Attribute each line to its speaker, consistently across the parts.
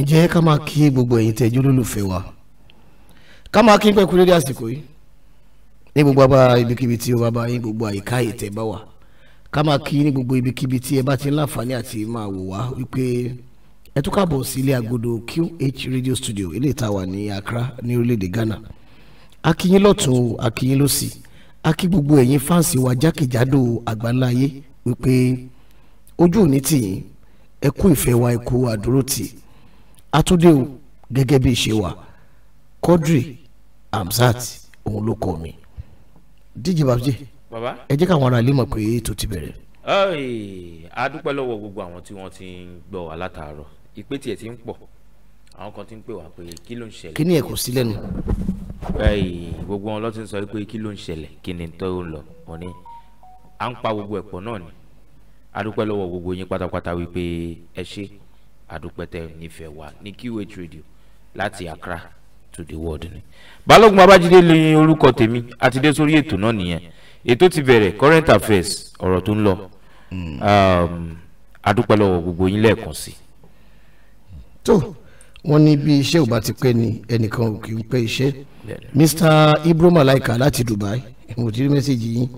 Speaker 1: ǹjẹ́ ká máa kí gbogbo ẹ̀yin tẹ́jú lólùfẹ́ wa ká máa kí pẹ́kú lórí àsìkò yìí ní gbogbo abá ibikíbi tí ó bá bá yín gbogbo àyíká ká máa kí ní gbogbo ibikíbi tí ẹ bá ti ń láǹfààní àti máa wò wá wípé ẹ tún sí ilé agodo QH radio studio ilé ìta wà ní Accra ní Ghana akínyín lọ́tún akínyín lọ́sì akí gbogbo wa jákèjádò àgbáńlá ayé wípé ojú ẹ kú ìfẹ́ wa ẹ kú àdúrótì àtúndé o gẹ́gẹ́ bí ìṣe wa Quadri Hamzat òun ló kọ mi díje babjé ẹ jẹ́ káwọn ará ilé mọ̀ pé ètò ti bẹ̀rẹ̀.
Speaker 2: a dúpẹ́ lọ́wọ́ gbogbo àwọn tí wọ́n ti ń gbọ́ wa látàárọ̀ ìpè tiẹ̀ ti ń pọ̀ àwọn kan ti ń pè wá pé kí ló ń ṣẹlẹ̀. kí ni ẹ kò sí gbogbo wọn ló ti sọ pé kí ló ń ṣẹlẹ̀ kí ni tó ń lọ òní à ń pa gbogbo ẹ̀pọ̀ náà ni adúpẹ́ lọ́wọ́ gbogbo yín pátápátá wípé ẹ ṣe adúpẹ́ tẹ́ nífẹ̀ẹ́ wa ní QH radio láti Accra to the world ni. balógun babájídé ni orúkọ tèmi àti dé sórí ètò náà nìyẹn ètò ti bẹ̀rẹ̀ current affairs ọ̀rọ̀ tó ń lọ um, adúpẹ́ lọ́wọ́ gbogbo yín lẹ́ẹ̀kan sí.
Speaker 1: tó wọ́n ní bí iṣẹ́ ò bá ti pẹ́ ni ẹnìkan ò kì í pẹ́ iṣẹ́ Mr Ibrahim Malaika láti Dubai mo ti rí mẹ́sẹ̀gì yín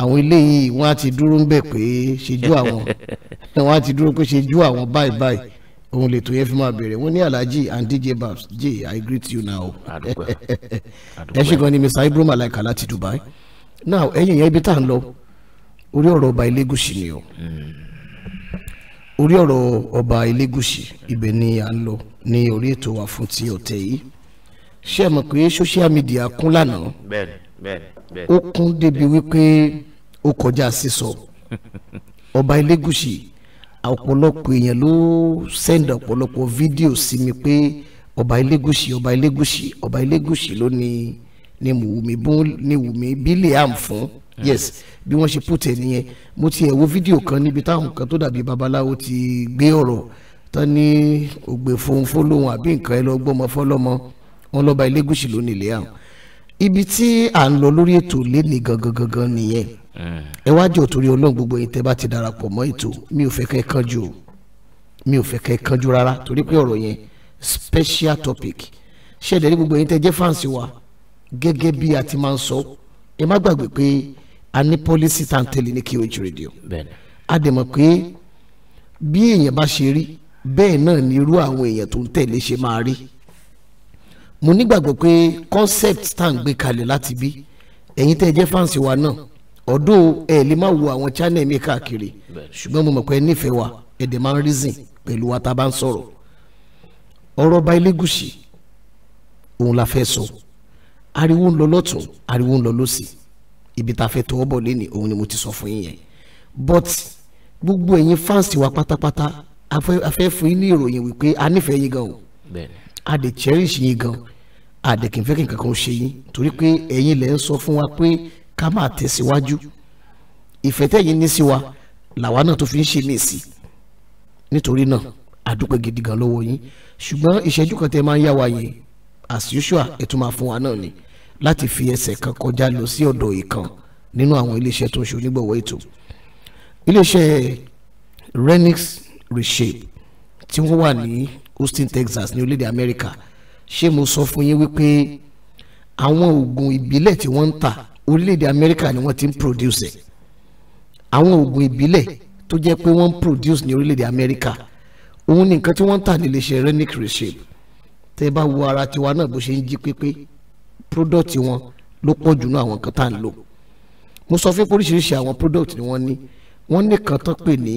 Speaker 1: àwọn eléyìí wọn á ti dúró ń bẹ̀ pé ṣejú àwọn wọn á ti dúró pé ṣejú àwọn báyìí báyìí òun lè tó yẹn fi máa bẹ̀rẹ̀ wọn ní alhaji and dj babs j i greet you now ẹ ṣe gan ni mr ibrahim alaika láti dubai now ẹ̀yin yẹn ibi tá à ń lọ orí ọ̀rọ̀ ọba elégùsì ni o hmm. orí ọ̀rọ̀ ọba elégùsì ibẹ̀ ni à ń lọ ní orí ètò wa fún ti ọ̀tẹ̀ yìí ṣé ẹ mọ̀ pé social media kún lánàá
Speaker 2: bẹ́ẹ̀ni bẹ́ẹ̀ni ó kún
Speaker 1: débi wípé ó kọjá sísọ ọba elégùsì ọ̀pọ̀lọpọ̀ èèyàn ló sẹ́ndà ọ̀pọ̀lọpọ̀ fídíò sí mi pé ọba elégùsì ọba elégùsì ọba elégùsì ló ní ni wùmí ni wùmí bílẹ̀ àm fún yes bí wọ́n ṣe pùtẹ́ nìyẹn mo ti ẹ̀ wo fídíò kan níbi táwọn kan tó dàbí babaláwo ti gbé ọ̀rọ̀ tán ní ògbè fòun fólóhùn àbí nǹkan ẹ lọ gbọ́mọ fọlọ́mọ wọn lọ́ba elégùsì ló nílé àwọn ibi tí à ń lọ lórí ètò lẹ́nìí gangan gangan nìyẹn eh. ẹ wá jẹ́ òtòrí ọlọ́run gbogbo yín tẹ́ bá ti darapọ̀ mọ́ ètò mi ò fẹ́ kẹ́ kánjú mi ò fẹ́ kẹ́ kánjú rárá torí pé ọ̀rọ̀ yẹn special topic ṣẹ̀dẹ̀ ní gbogbo yín tẹ́ jẹ́ fáǹsì wa gẹ́gẹ́ bí a ti máa ń sọ ẹ má gbàgbé pé a ní pọ́lísì tá à ń tẹ̀lé ní KOH Radio a dẹ̀ mọ̀ pé bí èèyàn bá ṣe rí bẹ́ẹ̀ náà ni irú àwọn èèyàn tó ń tẹ̀lé ṣe máa rí mo nígbàgbọ́ pé concept tá à ń gbé kalẹ̀ láti bí ẹ̀yin tẹ́ ẹ jẹ́ fáǹsì wa náà ọ̀dọ́ ẹ̀ lè má wo àwọn channel mi káàkiri ṣùgbọ́n mo mọ̀ pé ẹ nífẹ̀ẹ́ wa ẹ dẹ̀ máa ń reason pẹ̀lú wa tá a bá ń sọ̀rọ̀ ọ̀rọ̀ Ọba Elégùṣì òun la fẹ́ sọ ariwo ń lọ lọ́tún ariwo ń lọ lọ́sì ibi tá a fẹ́ tọwọ́ bọ̀ lẹ́nu òun ni mo ti sọ fún yín yẹn but gbogbo ẹ̀yin fáǹsì wa pátápátá a fẹ́ fún yín ní ìròyìn wípé a nífẹ̀ẹ́ a dẹ̀ cherish yín gan a dẹ̀ kì í fẹ́ kí nǹkan kan ṣe yín torí pé ẹ̀yin lẹ̀ ń sọ fún wa pé ká máa tẹ̀síwájú ìfẹ́ tẹ̀yin ní sí wa làwa náà tó fi ń ṣe ní ìsì nítorí náà a gidi gan lọ́wọ́ yín ṣùgbọ́n ìṣẹ́jú kan tẹ́ máa ń yá wa yẹn as usual ẹ̀ máa fún wa náà ni láti fi ẹsẹ̀ kan kọjá lọ sí ọ̀dọ̀ ìkan nínú àwọn iléeṣẹ́ tó ń ṣe onígbọ̀wọ́ ètò iléeṣẹ́ renix reshape tí wọ́n wà ní Houston Texas ní orílẹ̀-èdè Amẹ́ríkà ṣé mo sọ fún yín wípé àwọn oògùn ìbílẹ̀ tí wọ́n ń ta orílẹ̀-èdè Amẹ́ríkà ni wọ́n ti ń produce ẹ̀ àwọn oògùn ìbílẹ̀ tó jẹ́ pé wọ́n ń produce ní orílẹ̀-èdè Amẹ́ríkà òun ni nǹkan tí wọ́n ń tà ní iléeṣẹ́ renic reshape tẹ́ ẹ bá wo ara tiwa náà bó ṣe ń jí pépé product wọn ló pọ̀ jù náà àwọn nǹkan tá à ń lò mo sọ fún pé oríṣiríṣi àwọn product ni wọ́n ní wọ́n ní kan tó pè ní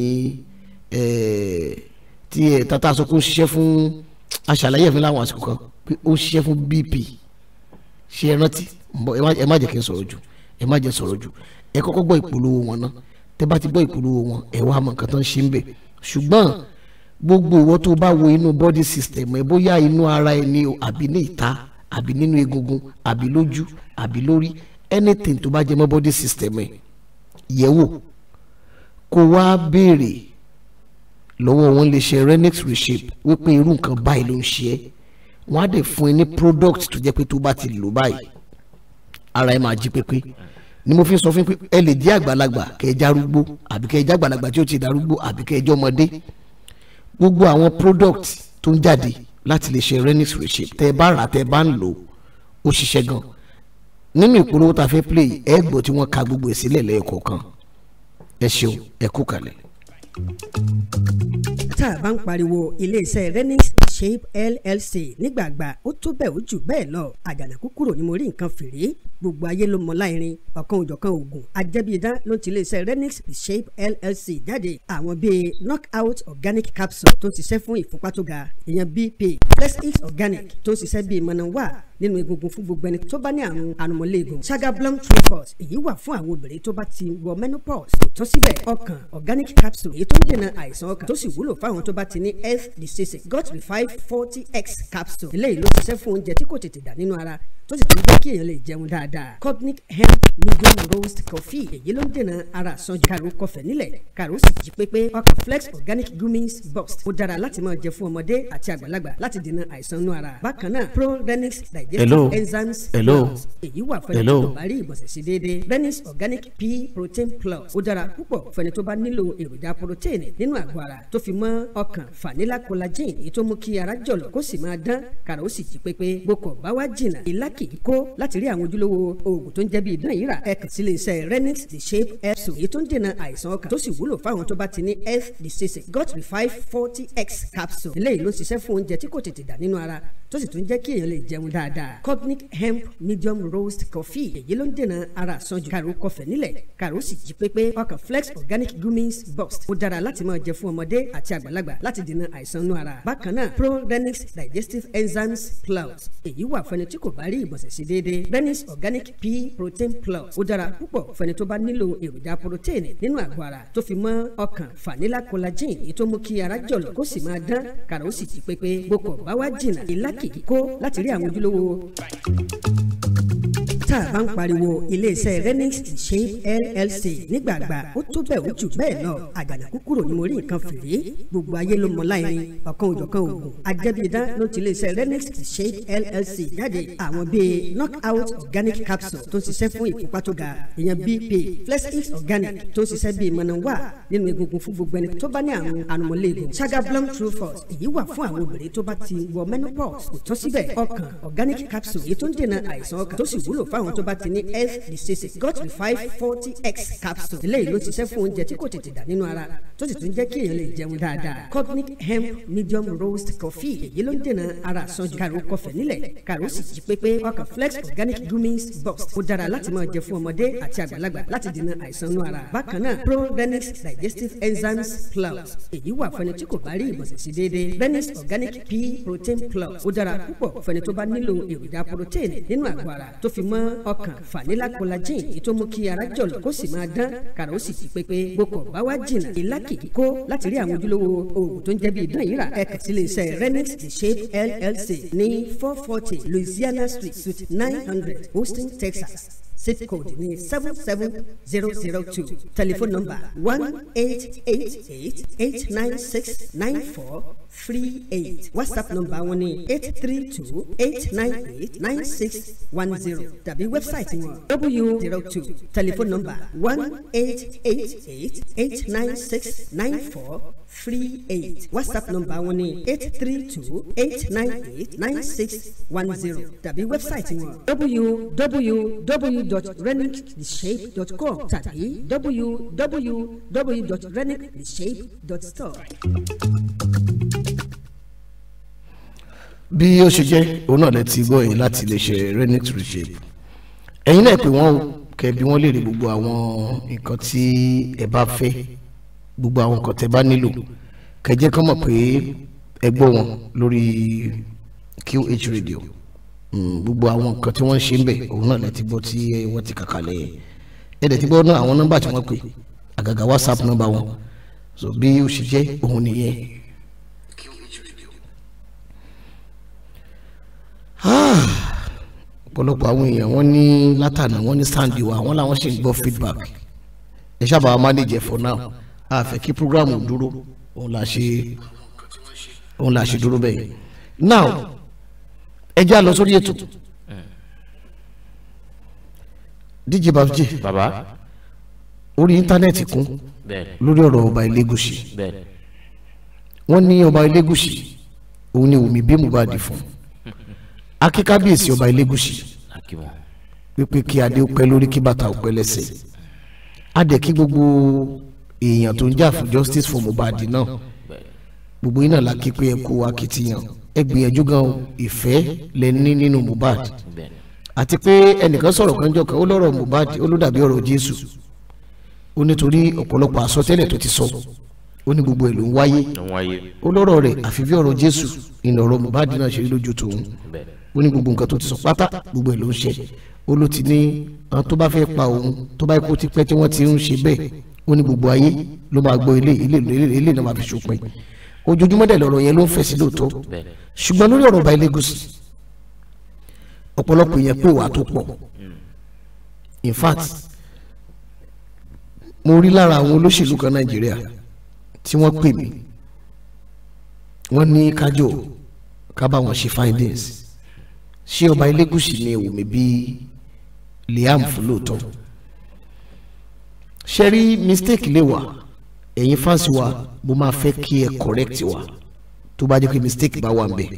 Speaker 1: ẹ̀ẹ́ eh, tí ẹ tata sọ pé ó ṣiṣẹ́ fún aṣàlàyé ẹ̀fín láwọn àsìkò kan pé ó ṣiṣẹ́ fún BP ṣe é rántí ẹ má jẹ́ kí n sọ̀rọ̀ jù ẹ má jẹ́ sọ̀rọ̀ jù ẹ kọ́kọ́ gbọ́ ìpolówó wọn náà tẹ bá ti gbọ́ ìpolówó wọn ẹ wá mọ nǹkan tó ń ṣe ń bẹ̀ ṣùgbọ́n gbogbo ìwọ tó bá wo inú body system ẹ bóyá inú ara ẹ ni o àbí ní ìta àbí nínú egungun àbí lójú àbí lórí anything tó bá jẹ mọ́ body system ẹ yẹ̀ wò kó wá béèrè lọ́wọ́ wọn lè ṣe Renix reshape wípé irú nǹkan báyìí ló ń ṣe é wọ́n á dẹ̀ fún ẹ ní product tó jẹ́ pé tó bá ti lò báyìí ara ẹ máa jí pépé ni mo fi sọ fún pé ẹ lè jẹ́ àgbàlagbà kẹ́ ẹ járúgbó àbí kẹ́ ẹ jẹ́ àgbàlagbà tí ó ti darúgbó àbí kẹ́ ẹ jẹ́ ọmọdé gbogbo àwọn product tó ń jáde láti lè ṣe Renix reshape tẹ́ bá rà tẹ́ bá ń lò ó ṣiṣẹ́ gan nínú ìpolówó tá a fẹ́ play ẹ gbọ́ tí wọ́n ka gbogbo ẹ̀ sílẹ̀ lẹ́yìn ẹ ṣeun ẹ kú kalẹ̀
Speaker 3: tá a bá ń pariwo iléeṣẹ́ renix shape llc nígbàgbà ó tó bẹ́ẹ̀ ó jù bẹ́ẹ̀ lọ àjànàkú kúrò ní mo rí nǹkan fèrè gbogbo ayé ló mọ láìrin ọ̀kan òjọ̀kan oògùn ajẹ́bíidán ló ti iléeṣẹ́ renix shape llc jáde àwọn bíi knockout organic capsule tó ń ṣiṣẹ́ fún ìfúnpá tó ga ìyẹn bp flex organic tó ń ṣiṣẹ́ bíi mọ̀nà wà nínú egungun fún gbogbo ẹni tó bá ní àrùn àrùnmọ́lẹ́gùn shagablum trifos èyí wà fún àwọn obìnrin tó bá ti wọ menopause kò tán síbẹ̀ ọkàn organic capsule èyí tó ń dènà àìsàn ọkàn tó sì wúlò fáwọn tó bá ti ní health disease gut five forty x capsule eléyìí ló ṣiṣẹ́ fún oúnjẹ tí kò tètè dà nínú ara tó sì tún jẹ́ kí èèyàn lè jẹun dáadáa cognic hemp medium roast coffee èyí ló ń dènà ara àsanjù kàrò kọfẹ nílẹ̀ kàrò sì jí pépé ọkà flex organic gummies burst ó dára láti máa jẹ fún ọmọdé àti àgbàlagbà láti dènà àìsàn inú ara bákan náà pro renix digestive enzymes plus èyí wà fẹ́ni tó bá rí ìbọ̀sẹ̀ sí déédéé renix organic pea protein plus ó dára púpọ̀ fẹ́ni tó bá nílò èròjà protein nínú àgọ́ ara tó fi mọ́ ọkàn fanila collagen èyí tó mú kí ara jọ̀lọ̀ kó sì máa dán kàrò sì jí pépé gbogbo bá wá jìnnà ìlàk kì í kó láti rí àwọn ojúlówó oògùn tó ń jẹ́ bí idán yìí rà ẹ kàn sí iléeṣẹ́ renix the shape capsule èyí tó ń dènà àìsàn ọkàn tó sì wúlò fáwọn tó bá ti ní health got the five forty x capsule eléyìí ló ń ṣiṣẹ́ fún oúnjẹ tí kò tètè dà nínú ara tó sì tún jẹ́ kí èèyàn lè jẹun dáadáa cognic hemp medium roast coffee èyí ló ń dènà ara àsanjù kàrò kọfẹ nílẹ̀ kàrò sì jí pépé ọkàn flex organic gummies boost ó dára láti máa jẹ fún ọmọdé àti àgbàlagbà láti dènà àìsàn inú ara bákan náà prorenix digestive enzymes plus èyí wà fún ẹni tí kò bá rí ìgbọ̀nsẹ̀ sí déédéé renix organic pea protein plus ó dára púpọ̀ fún ẹni tó bá nílò èròjà protein nínú àgọ́ ara tó fi mọ́ ọkàn fanila collagen èyí tó mú kí ara jọ̀lọ̀ kó sì máa dán kàrò sì jí pépé gbogbo bá wá jìnnà ìlà lókìkí kó láti rí àwọn ojúlówó tá a bá ń pariwo iléeṣẹ́ renix shape llc nígbàgbà ó tó bẹ́ẹ̀ ó jù bẹ́ẹ̀ lọ àjànàkú kúrò ní mo rí nǹkan fèrè gbogbo ayé ló mọ láìrin ọ̀kan òjọ̀kan oògùn ajẹ́bíidán ló ti iléeṣẹ́ renix shape llc jáde àwọn bíi knockout organic capsule tó ń ṣiṣẹ́ fún ìfúnpá tó ga ìyẹn bp flexix organic tó ń ṣiṣẹ́ bíi mọ̀nàwá nínú egungun fún gbogbo ẹni tó bá ní àrùn ànumọ̀lẹ́gùn sagablum true force èyí wà fún àwọn obìnrin tó bá ti wọ menopause kò tán síbẹ̀ ọkàn organic capsule èyí tó ń dènà àìsàn ọkàn tó sì wúlò fá fáwọn tó bá ti ní health diseases Godfrey five forty x capsule eléyìí ló ti ṣe fún oúnjẹ tí kò tètè dà nínú ara tó sì tún jẹ́ kí èèyàn lè jẹun dáadáa cognic hemp medium roast coffee èyí ló ń dènà ara àsanjù kàrò kọfẹ nílẹ̀ kàrò sì jí pépé ọkàn flex organic gummies box ó dára láti máa jẹ fún ọmọdé àti àgbàlagbà láti dènà àìsàn inú ara bákan náà probenix digestive enzymes plus èyí wà fún ẹni tí kò bá rí ìbọ̀sẹ̀ sí déédéé benix organic pea protein plus ó dára púpọ̀ fún ẹni tó bá nílò èròjà protein nínú àgọ́ ara tó fi mọ́ ọkàn fànílákọlajìn èyí tó mú kí ara jọ̀lọ̀ kó sì máa dán kàrà ó sì ti pépé gbókọ̀ bá wá jìnnà ìlà kìkì kó láti rí àwọn ojúlówó oògùn tó ń jẹ́ bí ìdán yìí rà ẹ̀ka sí iléeṣẹ́ renix the shape llc ní four forty louisiana street suite nine hundred houston texas zip code ní seven seven zero zero two telephone number one eight eight eight eight nine six nine four three eight whatsapp number wọn ni eight three two eight nine eight nine six one zero tàbí wẹ́bsáìtì wọn w zero two telephone number one eight eight eight eight nine six nine four three eight whatsapp number wọn ni eight three two eight nine eight nine six one zero tàbí wẹ́bsáìtì wọn www.renictheshape.com tàbí www.renictheshape.store
Speaker 1: bí ó ṣe jẹ́ òun náà lè ti gbọ́ yìí láti lè ṣe renix reshape ẹ̀yin náà pè wọ́n kẹ́bi wọ́n lè rí gbogbo àwọn nǹkan tí ẹ bá fẹ́ gbogbo àwọn nǹkan tẹ bá nílò kẹjẹ́ kọ́ mọ̀ pé ẹ gbọ́ wọn lórí QH radio hmm, gbogbo àwọn nǹkan tí wọ́n ń ṣe ń bẹ̀ òun náà lè ti gbọ́ tí wọ́n ti kàkà lẹ́yìn ẹ dẹ̀ ti gbọ́ náà àwọn nọ́mbà tí wọ́n pè àgàgà WhatsApp nọ́mbà wọn so bí ó ṣe jẹ́ òun nìyẹn ọ̀pọ̀lọpọ̀ àwọn èèyàn wọ́n ní látànà wọ́n ní sáǹdì wa wọ́n làwọn sì ń gbọ́ feedback ẹ sábà manage for now a fẹ́ kí program dúró òun là ṣe òun là ṣe dúró bẹ́ẹ̀ now ẹ jẹ́ àlọ́ sórí ètò DJ Babji baba orí íńtánẹ́ẹ̀tì kún lórí ọ̀rọ̀ ọba Elégùṣì wọ́n ní ọba Elégùṣì òun ni Wùmí bí Mohbad fún un akíkábíyèsí ọba elégùsì pípé kí adé ó pẹ́ lórí kí bàtà ó pẹ́ lẹ́sẹ̀ adé kí gbogbo èèyàn tó ń jà fún justice for Mohbad náà gbogbo iná la kí pé ẹ kó akitiyan ẹ gbìyànjú gan ìfẹ́ lẹ ní nínú Mohbad àti pé ẹnìkan sọ̀rọ̀ kan jọ kan ó lọ́rọ̀ Mohbad ó ló dàbí ọ̀rọ̀ Jésù ó nítorí ọ̀pọ̀lọpọ̀ àsọtẹ́lẹ̀ tó ti sọ ó ní gbogbo ẹ̀ ló ń wáyé ó lọ́rọ̀ rẹ̀ àfi bí ọ̀rọ̀ Jésù ìnà Mohbad náà ṣe lójú tòun ó ní gbogbo nǹkan tó ti sọ pátá gbogbo ẹ̀ ló ń ṣe ó ló ti ní àwọn tó bá fẹ́ pa òun tó bá kó ti pẹ́ tí wọ́n ti ń ṣe bẹ́ẹ̀ ó ní gbogbo ayé ló máa gbọ́ ilé ilé ilé náà máa fi ṣòpin ojoojúmọ́ dẹ̀ lọ́rọ̀ yẹn ló ń fẹ̀ sí lóòótọ́ ṣùgbọ́n lórí ọ̀rọ̀ ọba elégùsì ọ̀pọ̀lọpọ̀ èèyàn pé wà tó pọ̀ in fact mo rí lára àwọn olóṣèlú kan nàìjíríà tí wọ́n pè mí wọ́n ní kájọ ká bá wọn ṣe findings ṣé ọba elégùsì ni èwùmí bíi liam fúlòótọ́ ṣe rí mistake lè wà ẹ̀yin fáǹsì wa mo máa fẹ́ kí ẹ correct wa tó bá jẹ́ pé mistake bá wà ń bẹ̀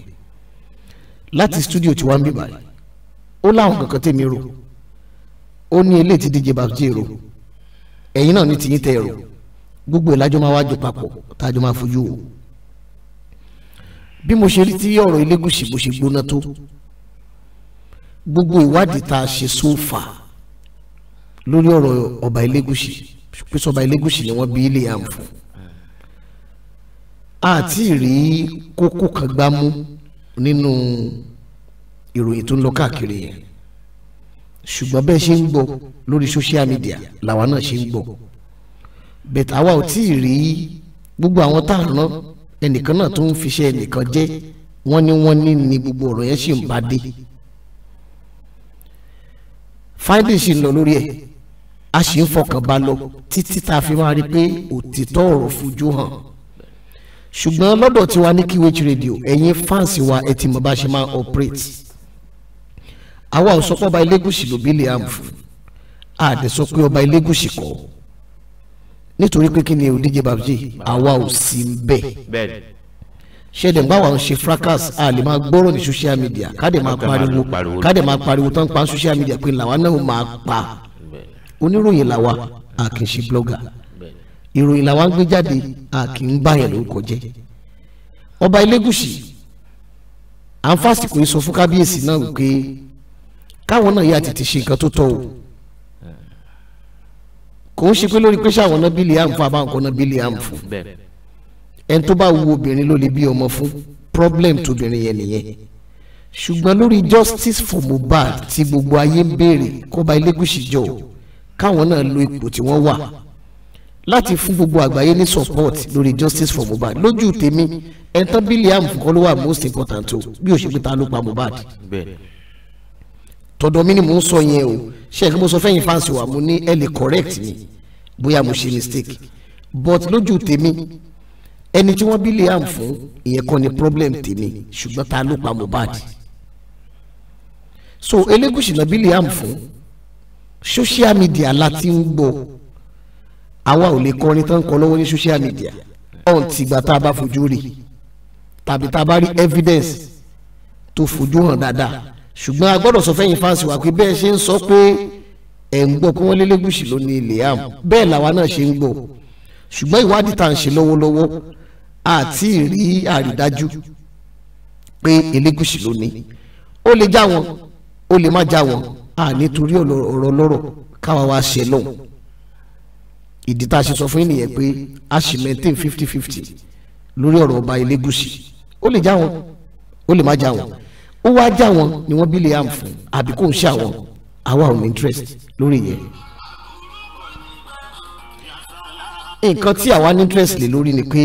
Speaker 1: láti studio tí wàá ń bì báyìí ó láwọn kankan tèmi rò ó ní ilé tí DJ Babji rò ẹ̀yin náà ní tìyín tẹ̀ rò gbogbo ìlàjọ máa wájú papọ̀ tájọ máa fojú wò bí mo ṣe rí tí ọ̀rọ̀ Elégùṣì bó ṣe gbóná tó gbogbo ìwádìí tá a ṣe so far lórí ọ̀rọ̀ ọba Elégùṣì pèsè ọba Elégùṣì ni wọ́n bí ilé yà ń fún àti rí kókó kan gbámú nínú ìròyìn tó ń lọ káàkiri yẹn ṣùgbọ́n bẹ́ẹ̀ ṣe ń gbọ́ lórí social media làwa náà ṣe ń gbọ́ bẹ̀tà wa ò tí ì rí gbogbo àwọn tá à ń ná ẹnìkan náà tó ń fiṣẹ́ ẹnìkan jẹ́ wọ́n ní wọ́n ní ni gbogbo ọ̀rọ̀ yẹn ṣì ń bá dé fáìlì sì ń lọ lórí ẹ̀ a sì ń fọkàn bá lọ títí tá a fi máa rí i pé òtítọ́ ọ̀rọ̀ fojú hàn ṣùgbọ́n lọ́dọ̀ tiwa ní QH radio ẹ̀yin fáǹsì wa ẹ̀ ti mọ̀ bá ṣe máa operate àwa ò sọ pé ọba Elégùṣì ló bí liam fún a dẹ̀ sọ pé ọba Elégùṣì kọ́ nítorí pé kí ni òdíje babjé àwa ò sí
Speaker 2: bẹ́ẹ̀
Speaker 1: ṣẹlẹ̀ nígbà wọn ṣe fracas a lè máa gbọ́rọ̀ ní social media ká dẹ̀ máa pariwo ká dẹ̀ máa pariwo tán pa social media pé làwa náà máa pa oníròyìn làwa a kì í ṣe blogger ìròyìn làwa ń gbé jáde a kì í bá yẹn lórúkọ jẹ́ ọba elégùsì à ń fásitì yìí sọ fún kábíyèsí náà wípé káwọn náà yà tètè ṣe nǹkan tó tọ́ o kò ń ṣe pé lórí pé ṣàwọn náà bílíàmù fún abáǹkọ náà bílíàmù fún ẹni tó bá wu obìnrin ló lè bí ọmọ fún problem tóbìnrin yẹn nìyẹn ṣùgbọ́n lórí justice for Mohbad tí gbogbo ayé ń béèrè kọ́ba Elégùṣì jọ káwọn náà lo ipò tí wọ́n wà láti fún gbogbo àgbáyé ní support lórí justice for Mohbad lójú tèmi ẹni tán bílí àmì kan ló wà most important o bí òṣèlú ta ló pa Mohbad tọ̀dọ̀ mi ni mò ń sọ yẹn o ṣe é mo sọ fẹ́yìn fáǹsì wa mo ní ẹ lè correct mi bóyá mo ṣe mistake but lójú tèmi ẹni tí wọ́n bí Liam fún ìyẹn kọ́ ni problem tèmi ṣùgbọ́n ta ló pa Mohbad so Elégùṣì náà bí Liam fún social media la ti ń gbọ́ àwa ò lè kọrin tán kọ lọ́wọ́ ní social media ọ̀n tìgbà tá a bá fojú rí tàbí tá a bá rí evidence tó fojú hàn dáadáa ṣùgbọ́n a gbọ́dọ̀ sọ fẹ́yìn fáǹsì wa pé bẹ́ẹ̀ ṣe ń sọ pé ẹ̀ ń gbọ́ pé wọ́n lé Elégùṣì ló Liam bẹ́ẹ̀ làwa náà ṣe ń gbọ́ ṣùgbọ́n ìwádìí tá à ń ṣe lọ́wọ́lọ́wọ́ àti rí àrídájú pé Elégùṣì ló ní ó lè já wọn ó lè má já wọn à nítorí ọ̀rọ̀ lọ́rọ̀ káwa wá ṣe lọ́hùn ìdí tá a ṣe sọ fún ènìyàn pé a ṣì maintain fifty fifty lórí ọ̀rọ̀ ọba Elégùṣì ó lè já wọn ó lè má já wọn ó wá já wọn ni wọ́n bí lè am fún àbí kò ń ṣe àwọn àwa ò ní interest lórí yẹn. nǹkan tí àwa ní interest lè lórí ni pé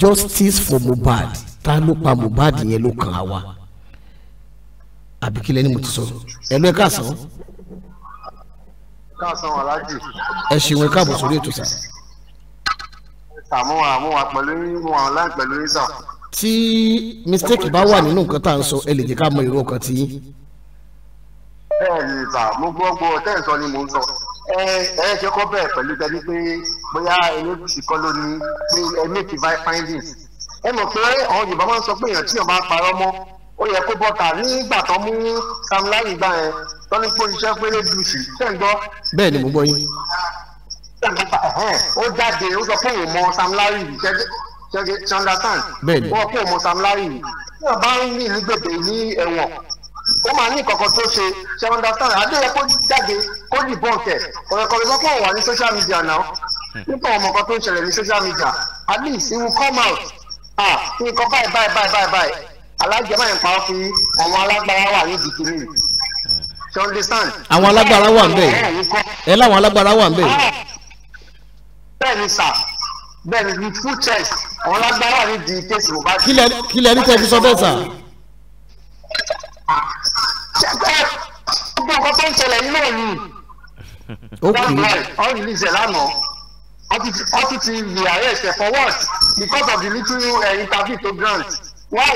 Speaker 1: justice for Mohbad ta ló pa Mohbad yẹn ló kàn á wa àbí kí lẹni mo ti sọ ẹ lọ ẹ káàsán.
Speaker 4: káàsán aláàjì.
Speaker 1: ẹ ṣeun ẹ káàbọ̀ sórí ètò sá.
Speaker 4: àmúwa àmúwa pẹ̀lú ìmúwa ọ̀la pẹ̀lú ìsà.
Speaker 1: tí mistake bá wà nínú nǹkan tá à ń sọ ẹ lè jẹ́ ká mọ irú ọkàn tí.
Speaker 4: bẹ́ẹ̀ ni ìta mo gbọ́ gbọ́ tẹ́ ẹ̀ sọ ni mò ń sọ ẹ ẹ jẹ́ kọ́ bẹ̀rẹ̀ pẹ̀lú gbẹ́bí pé bóyá ẹlẹ́gùsì kọ́ ló ní pé ẹ make my findings ẹ mọ̀ pé àwọn Yorùbá máa ń sọ pé èèyàn tí èèyàn máa parọ́ mọ́ ó yẹ kó bọ́ta nígbà tó mú Sam Larry gbà yẹn tó ní kó iṣẹ́ pé ẹlẹ́gùsì tẹ̀ ń gbọ́.
Speaker 1: bẹ́ẹ̀ ni mo gbọ́ yín.
Speaker 4: ó jáde ó sọ pé òun mọ Sam Larry ṣẹ́gi ṣandatán ó sọ pé òun mọ Sam Larry tí wọ́n bá ń ní ìlú gbèbè ní ẹ̀wọ̀n ó máa ní ìkọ̀kọ̀ tó ṣe ṣe understand adéyẹ kó jáde kó dìbọn kẹ ọ̀rẹ́kọ̀rẹ́ sọ pé òun wà ní social media náà nípa ọmọ
Speaker 1: kan tó ń ṣẹlẹ̀ ní social media at least he will come out ah nǹkan báyìí báyìí báyìí báyìí báyìí
Speaker 5: alájẹ máa ń pa ọ́ fi àwọn alágbára wà ní ìdìkìrì ṣe understand. àwọn alágbára wà ń bẹ̀
Speaker 1: ẹ láwọn alágbára wà ń bẹ̀. Ah! bẹ́ẹ̀ ni sà bẹ́ẹ̀ ni with full chest àwọn alágbára wà ní ìdí kéèsì Mohbad. kílẹ̀ kílẹ̀ ní tẹ́ fi
Speaker 5: sọ bẹ́ẹ̀ sà ṣẹpẹ gbogbo nǹkan tó
Speaker 4: ń ṣẹlẹ̀ yìí náà ni one night the arrest for what because of the little interview to grant why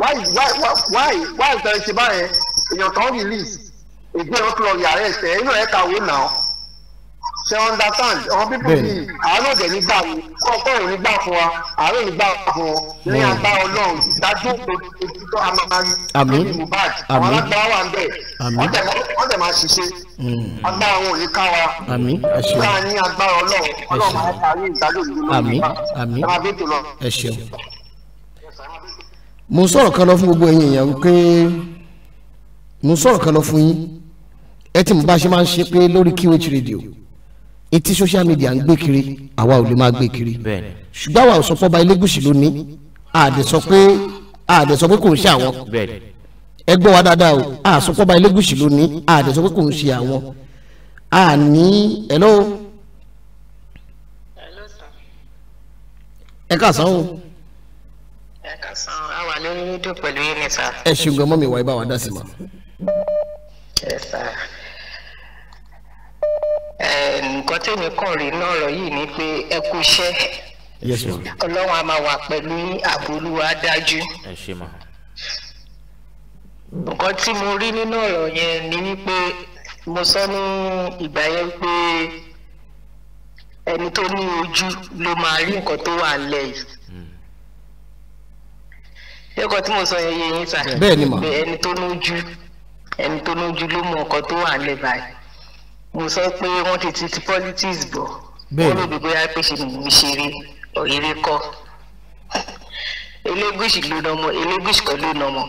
Speaker 4: why why why why ìtàn ìṣe báyẹn èèyàn tó ń release ìgbé ọkùnrin ọ̀yà arrest ẹ̀ inú ẹ̀ kàwé náà ṣe understand ah. àwọn bíbí yìí àárọ̀ dẹ̀ nígbà fún ọgọ́rùn nígbà fún wa àárọ̀ nígbà fún wọn ní àgbà ọlọ́run ìdájú òtítọ́ amamari lórí Mohbad àwọn alágbára wà ń bẹ̀ wọ́n dẹ̀ máa ṣiṣẹ́ hmm. agbára wọn ò ní ká wa
Speaker 5: ká ní
Speaker 4: agbára ọlọ́run ọlọ́run máa
Speaker 1: parí ìdájọ́ ìlú lórí Mohbad ẹ máa bẹ́tò lọ. ẹ ṣeun mo sọ̀rọ̀ kan lọ fún gbogbo ẹ̀yin èèyàn wípé mo sọ̀rọ̀ kan lọ fún yín ẹ ti mú bá a ṣe máa ń ṣe pé lórí QH radio etí social media ń gbé kiri àwa ò lè máa gbé kiri ṣùgbọ́n àwa ò sọ pé ọba Elégùṣì ló ní àdè sọ pé àdè sọ pé kò ń ṣe àwọn ẹ gbọ́ wa dáadáa o a sọ pé ọba Elégùṣì ló ní àdè sọ pé kò ń ṣe àwọn a ní hello. ẹ káàsán o.
Speaker 5: ẹ káàsán a wà lórí rédíò pẹ̀lú yín ni sà.
Speaker 1: ẹ ṣeun gan mọ́ mi wá ibà wá dá sí ma.
Speaker 5: ẹ sà nǹkan tèmi kàn rí náà ọ̀rọ̀ yìí ni pé ẹ kú iṣẹ́ ọlọ́run a máa wà pẹ̀lú àbólúwa dájú. nǹkan tí mo rí nínú ọ̀rọ̀ yẹn ni wípé mo sọ ní ìgbà yẹn pé ẹni tó ní ojú ló máa rí nǹkan tó wà nílẹ̀ yìí lẹ́kọ̀ tí mo sọ yẹn yẹn yín sà bẹ́ẹ̀ ni mà ẹni tó lójú ẹni tó lójú ló mọ nǹkan tó wà nílẹ̀ báyìí mo sọ pé wọ́n ti ti ti politics bọ̀ wọ́n lò gbogbo ya pé ṣe mo ṣeré ọ̀yẹ́rẹ́ kọ́ elégùsì ló nà ọmọ elégùsì kan ló nà ọmọ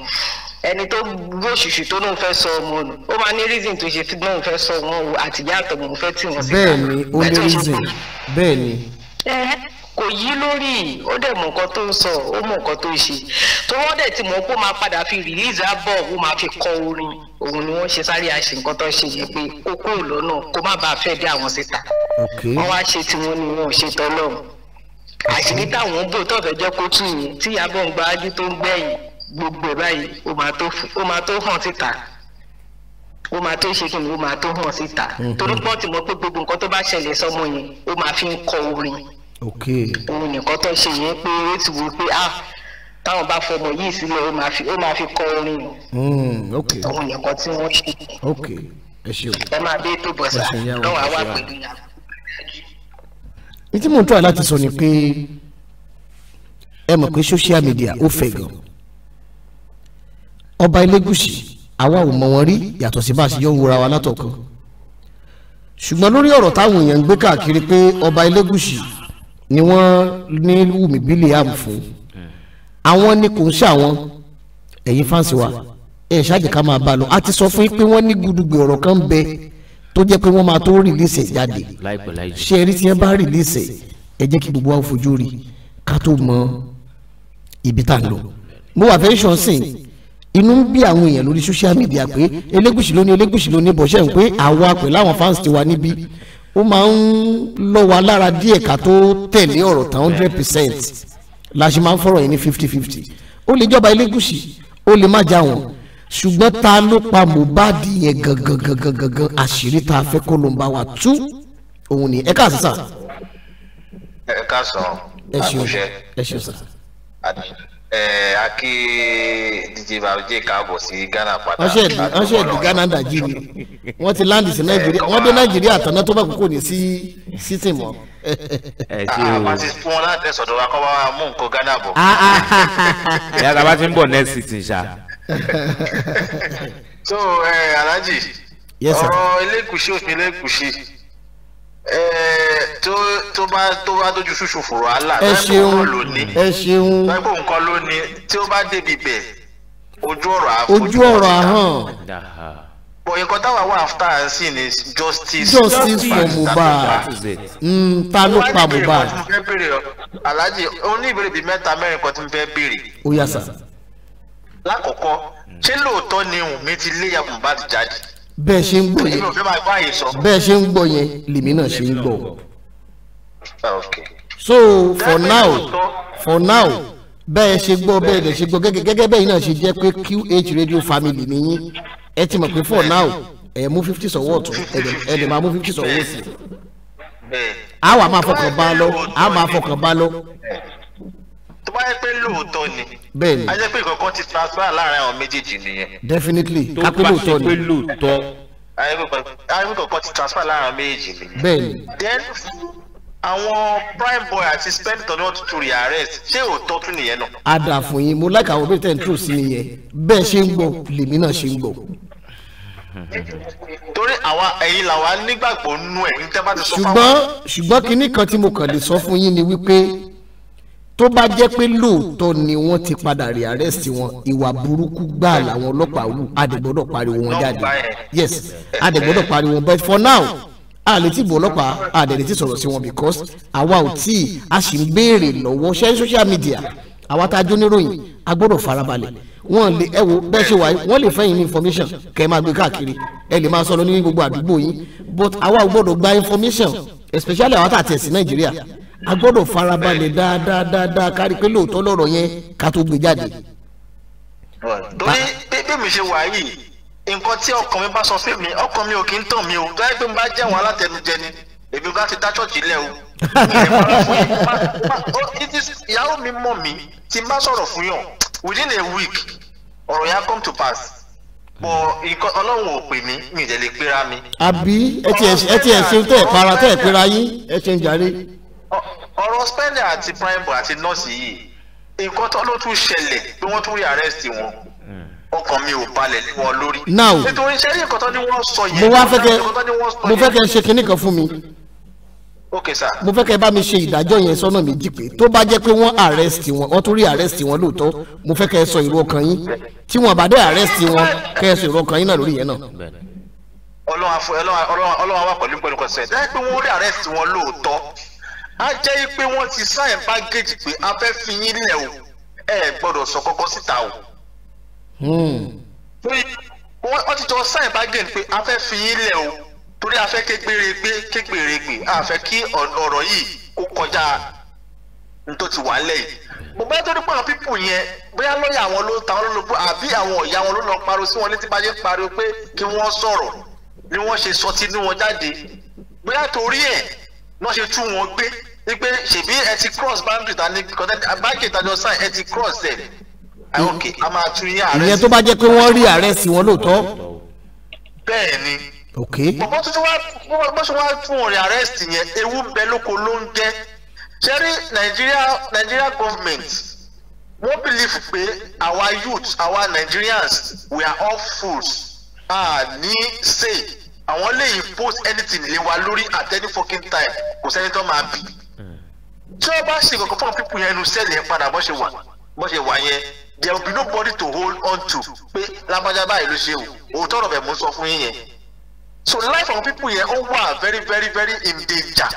Speaker 5: ẹni tó gbóṣùṣù tó lóun fẹ́ sọ ọmọ nù ó máa ní reason tó ṣe náà fẹ́ sọ wọn o àtìyá àtọmọ òun tì wọ́n síta bẹ́ẹ̀ ni ó ní reason bẹ́ẹ̀ kò yí lórí ó dẹ̀ mọ̀ nǹkan tó ń sọ ó mọ̀ nǹkan tó ń ṣe tó wọ́n dẹ̀ ti mọ̀ pé ó máa padà fi release abọ́ ó máa fi kọ orin òun ni wọ́n ṣe sáré àṣẹ nǹkan tó ṣe yẹn pé kó kúrò lọ́nà kó má bàa fẹ́ dé àwọn síta wọ́n wá ṣe tiwọn ni wọn ò ṣe tọ́lọ́run àṣírí táwọn bò tọ̀fẹ́ jẹ́ kó tù yín tí abọ́ ń gbáájú tó ń gbẹ̀yìn gbogbo ẹ̀ báyìí ó máa tó hàn síta ó máa tó ṣe kí ni ó máa tó hàn síta torí pọ́ọ̀tì mọ́ pé gbogbo nǹkan tó bá ṣẹlẹ̀ sọ́mọ yẹn ó máa fi ń kọ orin
Speaker 1: òun
Speaker 5: nìkan tó ṣe yẹn pé rétí wo pé ah táwọn bá fọmọ yìí sílẹ̀ ó máa fi ó máa fi kọ orin òun
Speaker 1: hmm, nìkan tí wọ́n ṣe. ẹ
Speaker 5: ṣeun ẹ máa dé tó bọ̀ sá àwa pẹ̀lú yàrá.
Speaker 1: ní tí ń tọ́ láti sọ ni pé ẹ mọ̀ pé social media ó fẹ̀ gan ọba Elégùṣì àwa ò mọ̀ wọ́n rí yàtọ̀ sí bá a ṣe yọ ń wura wa látọ̀kan ṣùgbọ́n lórí ọ̀rọ̀ táwọn èèyàn ń gbé káàkiri pé ọba Elégùṣì ni wọ́n ní Wùmí Biliam fún àwọn ni kò ń ṣe àwọn ẹ̀yin fáǹsì wa ẹ̀ ṣáàjì ká máa bá a lọ a ti sọ fún yín pé wọ́n ní gudugbè ọ̀rọ̀ kan bẹ tó jẹ́ pé wọ́n máa tó rìlíìsì jáde ṣé ẹ rí tí yẹn bá rìlíìsì ẹ jẹ́ kí gbogbo wa fojú rí ká tó mọ ibi tá a lọ mo wà fẹ́ sọ́sìn inú ń bí àwọn èèyàn lórí social media pé Elégùṣì ló ní Elégùṣì ló ní ń pé àwa pẹ̀lú àwọn fáǹsì ti wa níbí ó máa ń lọ wa lára díẹ̀ ká tó tẹ̀lé ọ̀rọ̀ tán hundred percent la ṣe máa ń fọ̀rọ̀ yẹn ní fifty fifty ó lè jọba Elégùṣì ó lè má já wọn ṣùgbọ́n ta ló pa Mohbad yẹn gangan gangan gangan àṣírí tá a fẹ́ kó ló ń bá wa tú òun ni ẹ ká sísà.
Speaker 2: ẹ ká sàn àkúṣe ẹ ṣe sàn ẹ eh, akí dj babjẹ káàbọ̀ sí ghana padà. wọ́n ṣe di ghana dàjí
Speaker 1: ni wọ́n ti láǹdì sí nàìjíríà wọ́n dé nàìjíríà tọ́nà tó bá kókó ní sí sísìn mọ́. àbá
Speaker 2: ah, ti fún
Speaker 4: wọn láti ẹsọ̀dọ̀ wa kọ́ wa mú
Speaker 1: nǹkan ghana bọ̀. Ah, ah, ìyá
Speaker 2: tá a bá ti ń bọ̀ next season ṣá.
Speaker 4: so eh, alhaji ọ̀rọ̀ elékùṣí òfin elékùṣí tó
Speaker 1: tó bá tó bá dójú ṣùṣù fòrò àlà ẹ ṣeun ẹ ṣeun tọ́pọ̀ nǹkan ló ní
Speaker 4: tí ó bá débi bẹ̀
Speaker 1: ojú ọ̀rọ̀ àhàn. ojú ọ̀rọ̀
Speaker 2: àhàn. but nǹkan táwa wà after and sin is justice. justice for Mohbad hmm, ta ló pa Mohbad.
Speaker 4: alhaji ó ní ìbéèrè bíi mẹ́ta mẹ́rin kan tí mo fẹ́ béèrè. ó yà sà. lákọ̀ọ́kọ́ ṣé lóòótọ́ ni Wunmi ti léyà Mohbad jáde
Speaker 1: bẹ́ẹ̀ ṣe ń gbọ́ yẹn bẹ́ẹ̀ ṣe ń gbọ́ yẹn lèmi náà ṣe ń gbọ́ so for now for now bẹ́ẹ̀ ṣe gbọ́ bẹ́ẹ̀ dẹ̀ ṣe gbọ́ gẹ́gẹ́ bẹ́ẹ̀ náà ṣe jẹ́ pé QH radio family nìyí ẹ ti mọ̀ pé for now ẹ mú fifty sọ̀wọ́ ọ̀tún ẹ lè máa mú fifty sọ̀wọ́ òsì a wà máa fọkàn bá lọ a máa fọkàn bá lọ
Speaker 4: bá pé lóòótọ́ ni bẹ́ẹ̀ni a jẹ́ pé ìkọ̀kọ́ ti transfer láàrin àwọn méjèèjì nìyẹn. definitely a pé lóòótọ́ ni lóòótọ́. a jẹ́ pé ìkọ̀kọ́ ti transfer láàrin àwọn méjèèjì nìyẹn. bẹ́ẹ̀ni. then àwọn prime boy àti spendton ni wọ́n tún turi arrest ṣé òótọ́ tún nìyẹn náà.
Speaker 1: a dà fún yín mo láìka àwọn obìnrin tẹ̀ ń tù sí nìyẹn bẹ́ẹ̀ ṣe ń gbọ́ lèmi náà ṣe ń gbọ́
Speaker 4: torí àwa ẹ̀yin làwa nígbàgbọ́ nú ẹ̀ ní tẹ́ bá ti sọ fún ṣùgbọ́n
Speaker 1: ṣùgbọ́n kinní kan tí mo kàn lè sọ fún yín ni wípé tó bá jẹ́ pé lóòótọ́ ni wọ́n ti padà rí arrest wọn ìwà burúkú gbáà làwọn ọlọ́pàá wù àdègbọ́dọ̀ pariwo wọn jáde yes àdègbọ́dọ̀ pariwo but for now àlètí ìbò ọlọ́pàá àdèrè ti sọ̀rọ̀ sí wọn because àwa ò tí a sì ń béèrè lọ́wọ́ ṣe social media àwa tá a jó níròyìn a gbọ́dọ̀ farabalẹ̀ wọ́n lè ẹ wo bẹ́ẹ̀ ṣe wà yìí wọ́n lè fẹ́ yín ní information kẹ́ ẹ máa gbé káàkiri ẹ lè máa sọ lọ ní gbogbo àdúgbò yín but àwa ò gbọ́dọ̀ gba information especially àwa tá a tẹ̀ sí Nàìjíríà a gbọ́dọ̀ farabalẹ̀ dáadáa dáadáa kárí pé lóòótọ́ lọ́rọ̀ yẹn ká tó gbé jáde.
Speaker 4: torí bí mi ṣe wà yìí nǹkan tí ọkàn mi bá sọ fún mi ọkàn mi ò kì í tàn mí o láì pé mo bá jẹ́ àwọn alátẹnujẹ ni èmi bá ti dá ṣọ́ọ̀ṣì lẹ̀ o ìyàwó mi mọ̀ mí tí n bá sọ̀rọ̀ fún yàn within a week ọ̀rọ̀ yẹn á come to pass bọ̀ ọlọ́run ò pè mí mi ì dẹ̀ lè pera mi.
Speaker 1: àbí ẹ ti ẹ̀ ṣe tẹ́ ẹ̀ para tẹ́ ẹ̀ pera yín ẹ ṣe ń jàre ọ̀rọ̀ spender àti prime àti nọ́ọ̀sì
Speaker 4: yìí nǹkan tó ló tún ṣẹlẹ̀ pé wọ́n tún rí arrest wọn ọkàn mi ò balẹ̀ ní wọn lórí. now nítorí ṣe rí nǹkan tó ní wọ́n sọ yẹn. mo wá fẹ́ kẹ́
Speaker 1: mo fẹ́ kẹ́ ṣe kinní kan fún mi. ok sir. mo fẹ́ kẹ́ bá mi ṣe ìdájọ́ yẹn sọ́nà méjì pé tó bá jẹ́ pé wọ́n arrest wọn wọ́n tún rí arrest wọn lóòótọ́ mo fẹ́ kẹ́ sọ èrò ọkàn yín tí wọ́n bá dé arrest wọn kẹ́ sọ èrò ọkàn yín náà lórí yẹn náà.
Speaker 2: ọlọ́wà wà pẹ̀lú pẹ̀lú
Speaker 4: kọ̀ọ̀sẹ̀ á jẹ́ pé wọ́n ti sign package pé a fẹ́ fi yín lẹ̀ o ẹ gbọ́dọ̀ sọ kọ́kọ́ síta o. Hmm. wọ́n ti jọ sign package pé a fẹ́ fi yín lẹ̀ o torí a fẹ́ kégbèrègbè kégbèrègbè a fẹ́ kí ọ̀rọ̀ yìí kó kọjá n tó ti wà ń lẹ́yìn mo bá tó nípa àwọn pípù yẹn bóyá lọ́ọ̀yà àwọn ló ta wọn lólobó àbí àwọn ọ̀yà wọn ló lọ pariwo sí wọn létí bá yẹn pariwo pé kí wọ́n sọ̀rọ̀ ni wọ́n ṣe sọtí ní wọn jáde bóyá torí ẹ̀ náà ṣe tú wọn gbé wípé ṣèbí ẹ ti cross boundary ta ní báńkì ìtajọ sign ẹ ti cross ẹ ah, ok a máa tún yín àrẹ́sì. ìyẹn tó bá jẹ́ pé wọ́n rí àrẹ́sì wọn lóòótọ́.
Speaker 1: bẹ́ẹ̀ ok. bọ́n
Speaker 4: ṣe wá fún òrìn arrest yẹn ewu bẹ ló ń jẹ́ ṣẹ́rí Nigeria Nigeria government wọ́n believe pé our youth our Nigerians we are all fools ní say àwọn lè impose anything lé wa lórí at any fucking time kò sẹ́ni tó máa bì tí wọ́n bá ṣe kankan fún pípù yẹn inú sẹ́ẹ̀lì yẹn padà bọ́ ṣe wà bọ́ ṣe wà yẹn there will be nobody to hold on to pé lágbájá báyìí ló ṣe o òótọ́ ọ̀rọ̀ bẹ̀ mú sọ fún yín so life of people yẹn ó wà very very very in danger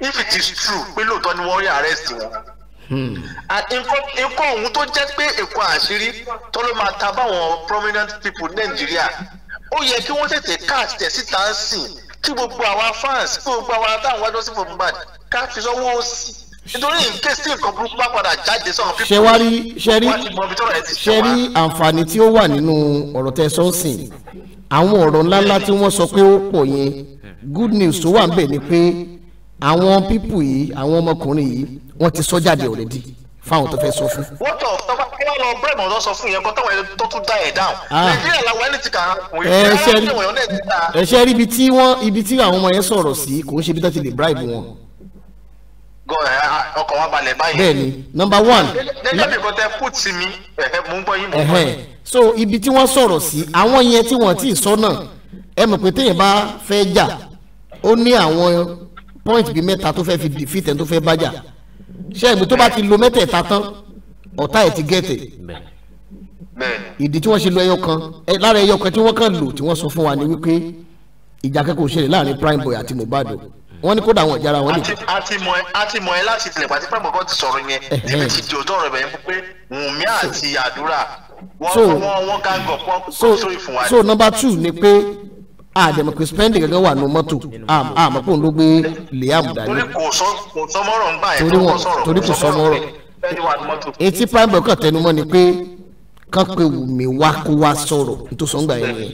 Speaker 4: if it is true pé lóòótọ́ ni wọ́n rí arrest wọn hmm. nǹkan ohun tó jẹ́ pé èkó àṣírí tó ló máa ta báwọn prominent people nàìjíríà ó yẹ kí wọ́n tètè káàtì tẹ̀ síta ń sìn kí gbogbo àwa fans kí gbogbo àwa táwọn wájú sí Mohbad ká fi sọ́wọ́ òsì nítorí nǹkan sí nǹkan burúkú bá padà jáde sọ̀rọ̀
Speaker 1: fífi ṣe wá rí ṣe rí ṣe rí àǹfààní tí ó wà nínú ọ̀rọ̀ tẹ sọ́ọ̀sìn àwọn ọ̀rọ̀ ńláńlá tí wọ́n sọ pé ó pọ̀ yẹn good news tó wà ń bẹ̀ ni pé àwọn pípù yìí àwọn ọmọkùnrin yìí wọ́n ti sọ jáde already fáwọn tó fẹ́ sọ fún. wọ́tọ̀ tọ́ba kí wọ́n lọ bẹ́ẹ̀ mọ̀ lọ sọ
Speaker 4: fún yẹn kó táwọn ẹni tó tún dá ẹ̀ dáhùn. Ah. nàìjíríà làwọn ẹni ti kà á kùn yìí.
Speaker 1: ẹ ṣe rí ibi tí àwọn ọmọ yẹn sọ̀rọ̀ sí kò ń ṣe ibi tó ti lè bribe wọn
Speaker 4: ọkọ̀ wa balẹ̀
Speaker 1: báyìí. bẹ́ẹ̀ni number one.
Speaker 4: gẹ́gẹ́ bí nǹkan tẹ put sí mi mo ń gbọ́ yín
Speaker 1: mo ń gbọ́ yín. so ibi tí wọ́n sọ̀rọ̀ sí àwọn yẹn tí wọ́n ti sọ náà ẹ mọ̀ pé téèyàn bá fẹ́ jà ó ní àwọn point bíi mẹ́ta tó fẹ́ fi defeat ẹ̀ tó fẹ́ bá jà ṣé ẹ̀mí tó bá ti lo mẹ́tẹ̀ẹ̀ta tán ọ̀tá ẹ̀ ti gẹ̀tẹ̀ ìdí tí wọ́n ṣe lo ẹyọ kan lára ẹyọ kan tí wọ́n kàn lò tí wọ́n sọ fún wa ni wípé ìjà kẹ́kọ̀ọ́ ṣẹlẹ̀ wọ́n ní kódà wọn jara wọn nìkan.
Speaker 4: àti mọ̀ ẹ́ àti mọ̀ ẹ́ láti tilẹ̀ pàtí pàmò kan ti sọ̀rọ̀ yẹn níbi tí jòjó rẹ̀ bẹ̀ ń pé wùnmí àti àdúrà
Speaker 1: wọ́n wọ́n gángọ̀ pọ́n sórí fún wa. so number two ni pé àdèmọ̀ kò spẹ́ndì gẹ́gẹ́ wà nù mọ́tò àmọ́ kò ń ló gbé liam dání. torí kò sọmọ́rọ̀ ń gbà ẹ̀ torí kò sọmọ́rọ̀ etí prime boy kan tẹnumọ́ ni pé kán pé wùmí wá kó wá sọ̀rọ̀ nítòsọ̀ngbà yẹn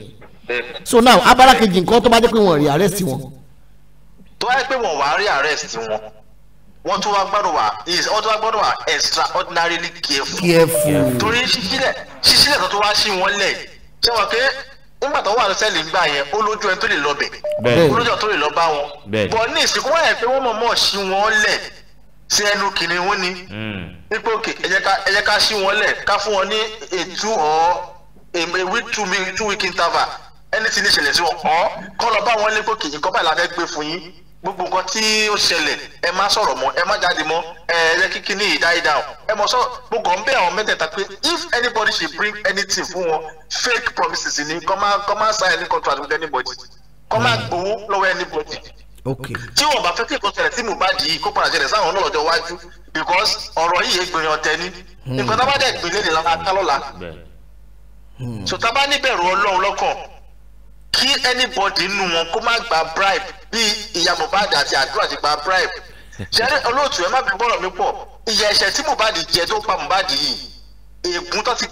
Speaker 1: so now abala kejì nǹkan tó bá jẹ́ pé wọ́n rí arrest wọn
Speaker 4: tó wáyé pé wọ́n wá rí arrest wọn wọ́n tún wá gbọ́dọ̀ wà is wọ́n tún wá gbọ́dọ̀ wà extraordinarily careful.
Speaker 5: careful. torí
Speaker 4: ṣíṣílẹ̀ ṣíṣílẹ̀ tó tún wá sí wọn lẹ̀ ṣé wọn pé nígbà tó wà ní sẹ́ẹ̀lì ń gbà yẹn ó lójú ẹni tó lè lọ bẹ̀ ó lójú ẹni tó lè lọ bá wọn bọ̀ ní ìsìnkú wáyé pé wọ́n mọ̀ mọ̀ sí wọn lẹ̀ sí ẹnu kìnìún ni hmm. nípa òkè ẹ jẹ́ ká sí wọn lẹ̀ ká fún wọn ní ètú ọ̀ èmi two week two week interval ẹni tí ní ìṣẹ̀lẹ̀ sí wọn kọ́ lọ bá wọn lé kókè nǹkan báyìí la fẹ́ gbé fún yín gbogbo nǹkan tí ó ṣẹlẹ̀ ẹ má sọ̀rọ̀ mọ́ ẹ má jáde mọ́ ẹ yẹ kí kíní yìí die ẹ mọ̀ sọ̀rọ̀ mo ń bẹ̀ àwọn mẹ́tẹ̀ẹ̀ta pé if anybody should bring anything fún wọn fake promises ni kọ́ máa sign any contract with anybody kọ́ máa gbowó lọ́wọ́ anybody tí wọn bá fẹ́ kí nǹkan ṣẹlẹ̀ tí Mohbad yìí kó padà ṣẹlẹ̀ sáwọn ọlọ́lọ́jọ́ wájú because ọ̀rọ̀ yìí ègbìnrin ọ̀tẹ̀ ni hmm. nǹkan tábà dẹ̀ gbìn léde so tábà níbẹ̀rù Ọlọ́run lọ́kàn kí anybody nù wọn kó má bribe bíi ìyá Mohbad àti àdúrà ti gba bribe ṣẹlẹ olóòtú ẹ má bí bọ́rọ̀ mi pọ̀ ìyà ẹ̀ṣẹ̀ tí Mohbad jẹ tó pa Mohbad yìí ègún tó ti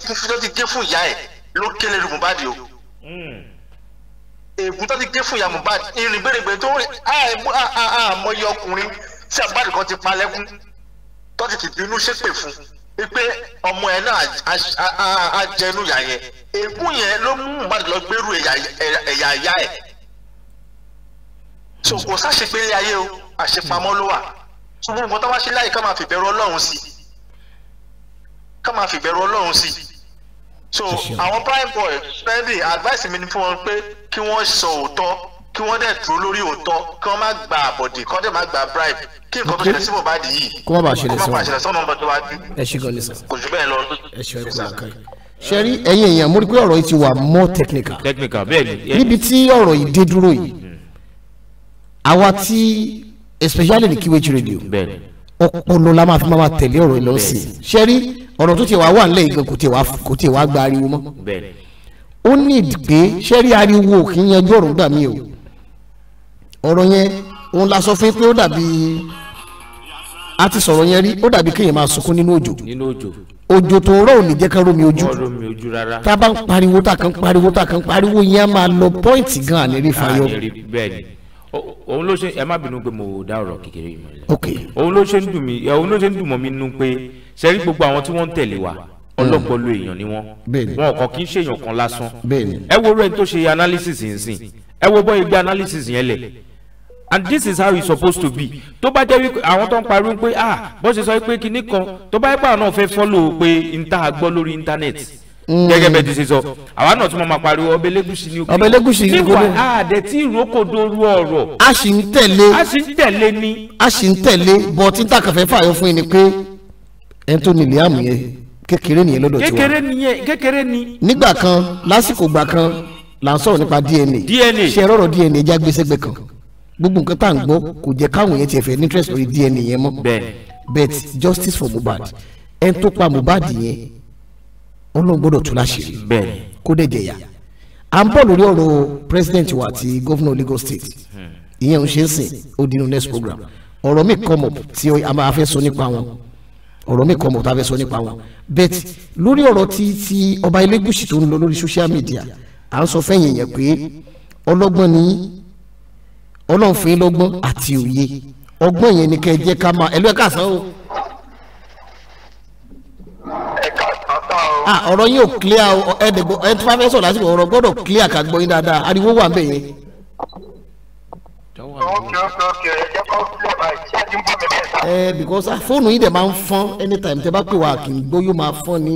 Speaker 4: gé fún ìyá ẹ̀ ló kélé lu Mohbad o hmm. ègún tó ti gé fún ìyá Mohbad irin gbèrègbè tó a àmọye ọkùnrin tí àgbàdo kan ti pa lẹ́kún tó ti fìbínú ṣépè fún pé ọmọ ẹ náà ajẹnu ìyá yẹn ègún yẹn ló mú Mohbad lọ gbèrú ẹ̀yà ìyá ẹ̀ so kò sáṣepé ilé ayé o àṣepamọ́ ló wà ṣùgbọ́n nǹkan tó wá ṣe láyé ká máa fìbẹ̀rù ọlọ́run sí ká máa fìbẹ̀rù ọlọ́run sí so àwọn prime boy spending advice mi ni fún wọn pé kí wọ́n sọ òótọ́ kí wọ́n dẹ̀ dúró lórí òótọ́ kí wọ́n má gba àbọ̀dè kí wọ́n dẹ̀ má gba bribe kí nǹkan tó ṣẹlẹ̀ sí Mohbad
Speaker 1: yìí kó má bàa ṣẹlẹ̀ sí wọn ẹ ṣe gan ni sọ kò jù bẹ́ẹ̀
Speaker 2: lọ ẹ ṣe ẹkú àkàrẹ
Speaker 1: ṣe rí ẹ̀yin èèyàn mo rí pé ọ̀rọ̀ yìí ti wà more technical níbi tí ọ̀rọ̀ yìí dé dúró yìí àwa tí especially ní QH radio ọpọlọ la máa fi máa tẹ̀lé ọ̀rọ̀ lọ sí i ṣe rí ọ̀rọ̀ tó ti wá wà nílẹ̀ ìgbẹ́ kò ti wá gba ariwo mọ́ ó ní ìdìgbé ṣe rí ariwo kì í yanjú ọ̀rọ̀ gbà mí o ọ̀rọ̀ yẹn òun la sọ fún pé ó dàbí a ti sọ̀rọ̀ yẹn rí ó dàbí kéèyàn máa sunkún nínú òjò òjò tó rọ̀ ò ní jẹ́ ká rómi ojú tá a bá ń pariwo tá a kan pariwo tá a kan pariwo yẹn á máa lọ pọ́ìntì gan-an àlérí fayọ
Speaker 2: òun ló ṣe ẹ má bínú pé mo dá ọ̀rọ̀ kékeré yìí mọ́lẹ̀. ok òun ló ṣe ń dùn mí òun ló ṣe ń dùn mọ́ mi nínú pé sẹ́rí gbogbo àwọn tí wọ́n ń tẹ̀lé wa ọlọ́pọ̀lọ èèyàn ni wọ́n wọn kàn kí n ṣe èèyàn kan lásán ẹ wo rẹ́ni tó ṣe analysis yìí sìn ẹ wo bọ́ igbe analysis yẹn lẹ̀ and this is how it's supposed to be tó bá jẹ́ wípé àwọn tó ń pariwo pé ah bó ṣe sọ pé kinní kan tó bá yẹ pé àwọn náà fẹ́ fọ́lò pé n ta gbọ́ lórí íńtánẹ́ẹ̀tì Mm. gẹ́gẹ́ bẹ́ẹ̀ ti ṣe sọ àwa náà tún máa pariwo ọbẹ̀ lẹ́gùsì ni ọbẹ̀ lẹ́gùsì ni kò ní. àdẹ tí
Speaker 1: ìrókòdoro ọ̀rọ̀. a sì ń tẹ̀lé a sì ń tẹ̀lé ni. a sì ń tẹ̀lé bọ títà kàfẹ́ fààyè fún yín ni pé ẹni tó nílé àmì yẹn kékeré nìyẹn lọ́dọ̀ tiwa. kékeré
Speaker 2: nìyẹn kékeré ni.
Speaker 1: nígbà kan lásìkò gbà kan là ń sọ̀rọ̀ nípa DNA DNA ṣe rọ̀rọ̀ DNA já gbèsègbè kan gbogbo nǹkan tá à ń gbọ́ kò jẹ́ káwọn yẹn tiẹ̀ fẹ́ interest lórí DNA yẹn mọ́. bẹ́ẹ̀ bet justice for Mohbad ẹni tó pa Mohbad yẹn olóhùn gbọ́dọ̀ tú láṣìírí kó dẹ̀ jẹ̀yà à ń bọ̀ lórí ọ̀rọ̀ president wa àti governor Lagos State ìyẹn ń ṣe é sìn ó dínú next program ọ̀rọ̀ mi come up tí a máa fẹ́ sọ nípa wọn ọ̀rọ̀ mi come up tá a fẹ́ sọ nípa wọn bẹ́ẹ̀ lórí ọ̀rọ̀ ti ti ọba Elégùṣì tó ń lọ lórí social media à ń sọ fẹ́yìn yẹn pé ọlọ́gbọ́n ni ọlọ́run fún yín lọ́gbọ́n àti òye ọgbọ́n yẹn ni kẹ́ ẹ jẹ́ ká máa ẹ lọ́ọ́ Ah, ọ̀rọ̀ yín ò clear ẹ̀ẹ́dẹ̀gbọ́ ẹ̀ tó bá fẹ́ sọ̀rọ̀ lásìkò ọ̀rọ̀ gbọ́dọ̀ clear ká gbọ́ yín dáadáa ariwo wà ń yẹn. ẹ eh, because ah, fóònù yìí dẹ̀ máa ń fọ́n anytime tẹ́ bá pè wá kì í gbóyú máa fọ́n ni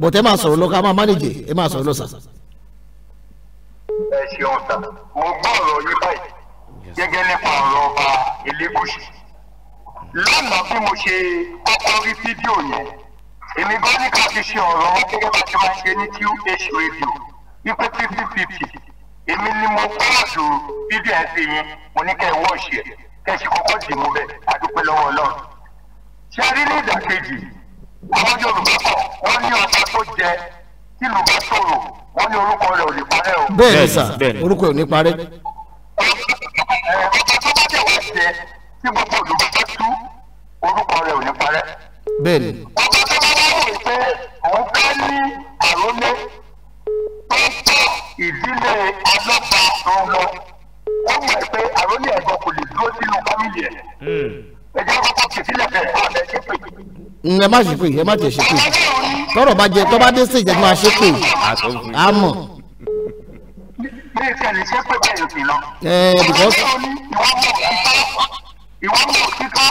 Speaker 1: but ẹ máa sọ̀rọ̀ lọ ká máa manage ẹ máa sọ̀rọ̀ lọ sà. ẹ
Speaker 5: ṣeun sà mo gbọ́
Speaker 4: ọ̀rọ̀ yín báyìí gẹ́gẹ́ nípa ọ̀rọ̀ ọba Elégùṣì lánàá bí mo ṣe kọ́kọ́ rí fídíò yẹn èmi gan ní ká fi ṣe ọ̀rọ̀ gẹ́gẹ́ bá ti máa ń ṣe ní QH radio wípé fifty fifty èmi ni mo fọ́ọ̀dù fídíò ẹ̀ sí yẹn mo ní kẹ́ ẹ wọ́ọ̀ṣì ẹ̀ kẹ́ ẹ ṣe kọ́kọ́ dì mú bẹ́ẹ̀ àdúpẹ́ lọ́wọ́ ọlọ́run ṣé a rí ní ìdàkejì àwọn yorùbá pọ̀ wọ́n ní ọba tó jẹ tí lùbá sọ̀rọ̀ wọ́n ní orúkọ rẹ̀ ò ní parẹ́ o. bẹ́ẹ̀ sà
Speaker 1: orúkọ ò ní parẹ́. ọba
Speaker 5: tó bá jẹ wá jẹ tí gbogbo olùbá tú orúkọ rẹ̀ ò ní parẹ́.
Speaker 2: bẹ́ẹ̀ ni. ọba
Speaker 5: òun fẹ́ ní àrólé tó tó ìdílé ọlọ́pàá tó ń lọ
Speaker 4: mọ̀ pé àrólé ẹ̀gbọ́n kò lè dúró sínú fámìlì ẹ̀ hmm. ẹ̀jẹ̀ kọ́kọ́ kì í sílẹ̀ bẹ̀rẹ̀ kọ́ ọ̀dẹ̀ ṣe
Speaker 1: ẹ má ṣe ẹ má tẹ̀ ṣe tọrọ bá jẹ tọ́ dé sí ìjẹ́jú máa ṣe a mọ̀.
Speaker 5: mi ò tẹ̀lé ṣe bẹ́ẹ̀ ló ti lọ. ẹ ẹ bìkọ́sì. ìwọ́n mọ̀ kíkọ́ ìwọ́n mọ̀ kíkọ́.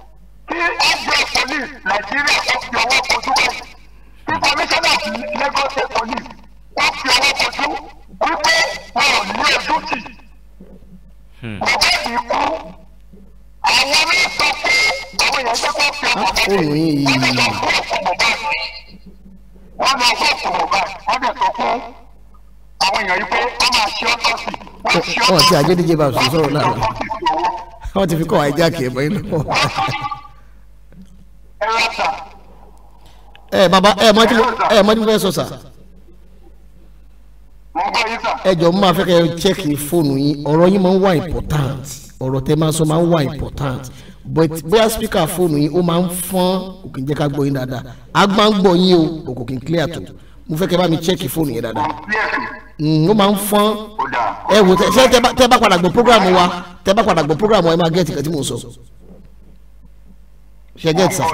Speaker 5: kí ọgbẹ́ police nàìjíríà tó fi ọwọ́ kojú báyìí kí komisanna ti Lagos state police wọ́n fi ọwọ́ kojú wípé wọn ò ní ojútì bàbá hmm. mi kú àwọn náà sọ pé àwọn èèyàn jẹ́ kó fi ọmọ bàbá mi wọ́n
Speaker 1: lè lọ fún ọkọ̀
Speaker 4: bàbá mi wọ́n lọ fún ọkọ̀ bàbá wọ́n dẹ̀ sọ fún àwọn èèyàn yìí pé wọ́n máa ṣe ọ́tọ́sì
Speaker 1: wọ́n ti àjẹdíje bá a sọ̀rọ̀ náà wọ́n ti fi kọ́ àìjákè ẹ̀bọ̀ yín lọ́wọ́. Eh, eh, eh, ẹ baba ẹ mọ ẹ mọ sọ ẹ jọ important ọrọ tẹ máa sọ máa important but bóyá speaker fóònù yín ó máa ń fọn kò ka dada ká a ń o clear tó mo fẹ́ kẹ́ bá mi chẹ́kì fóònù yẹn dáadáa hmm, ó máa ń ẹ wò tẹ bá program wa wa ẹ máa ṣẹgẹt sa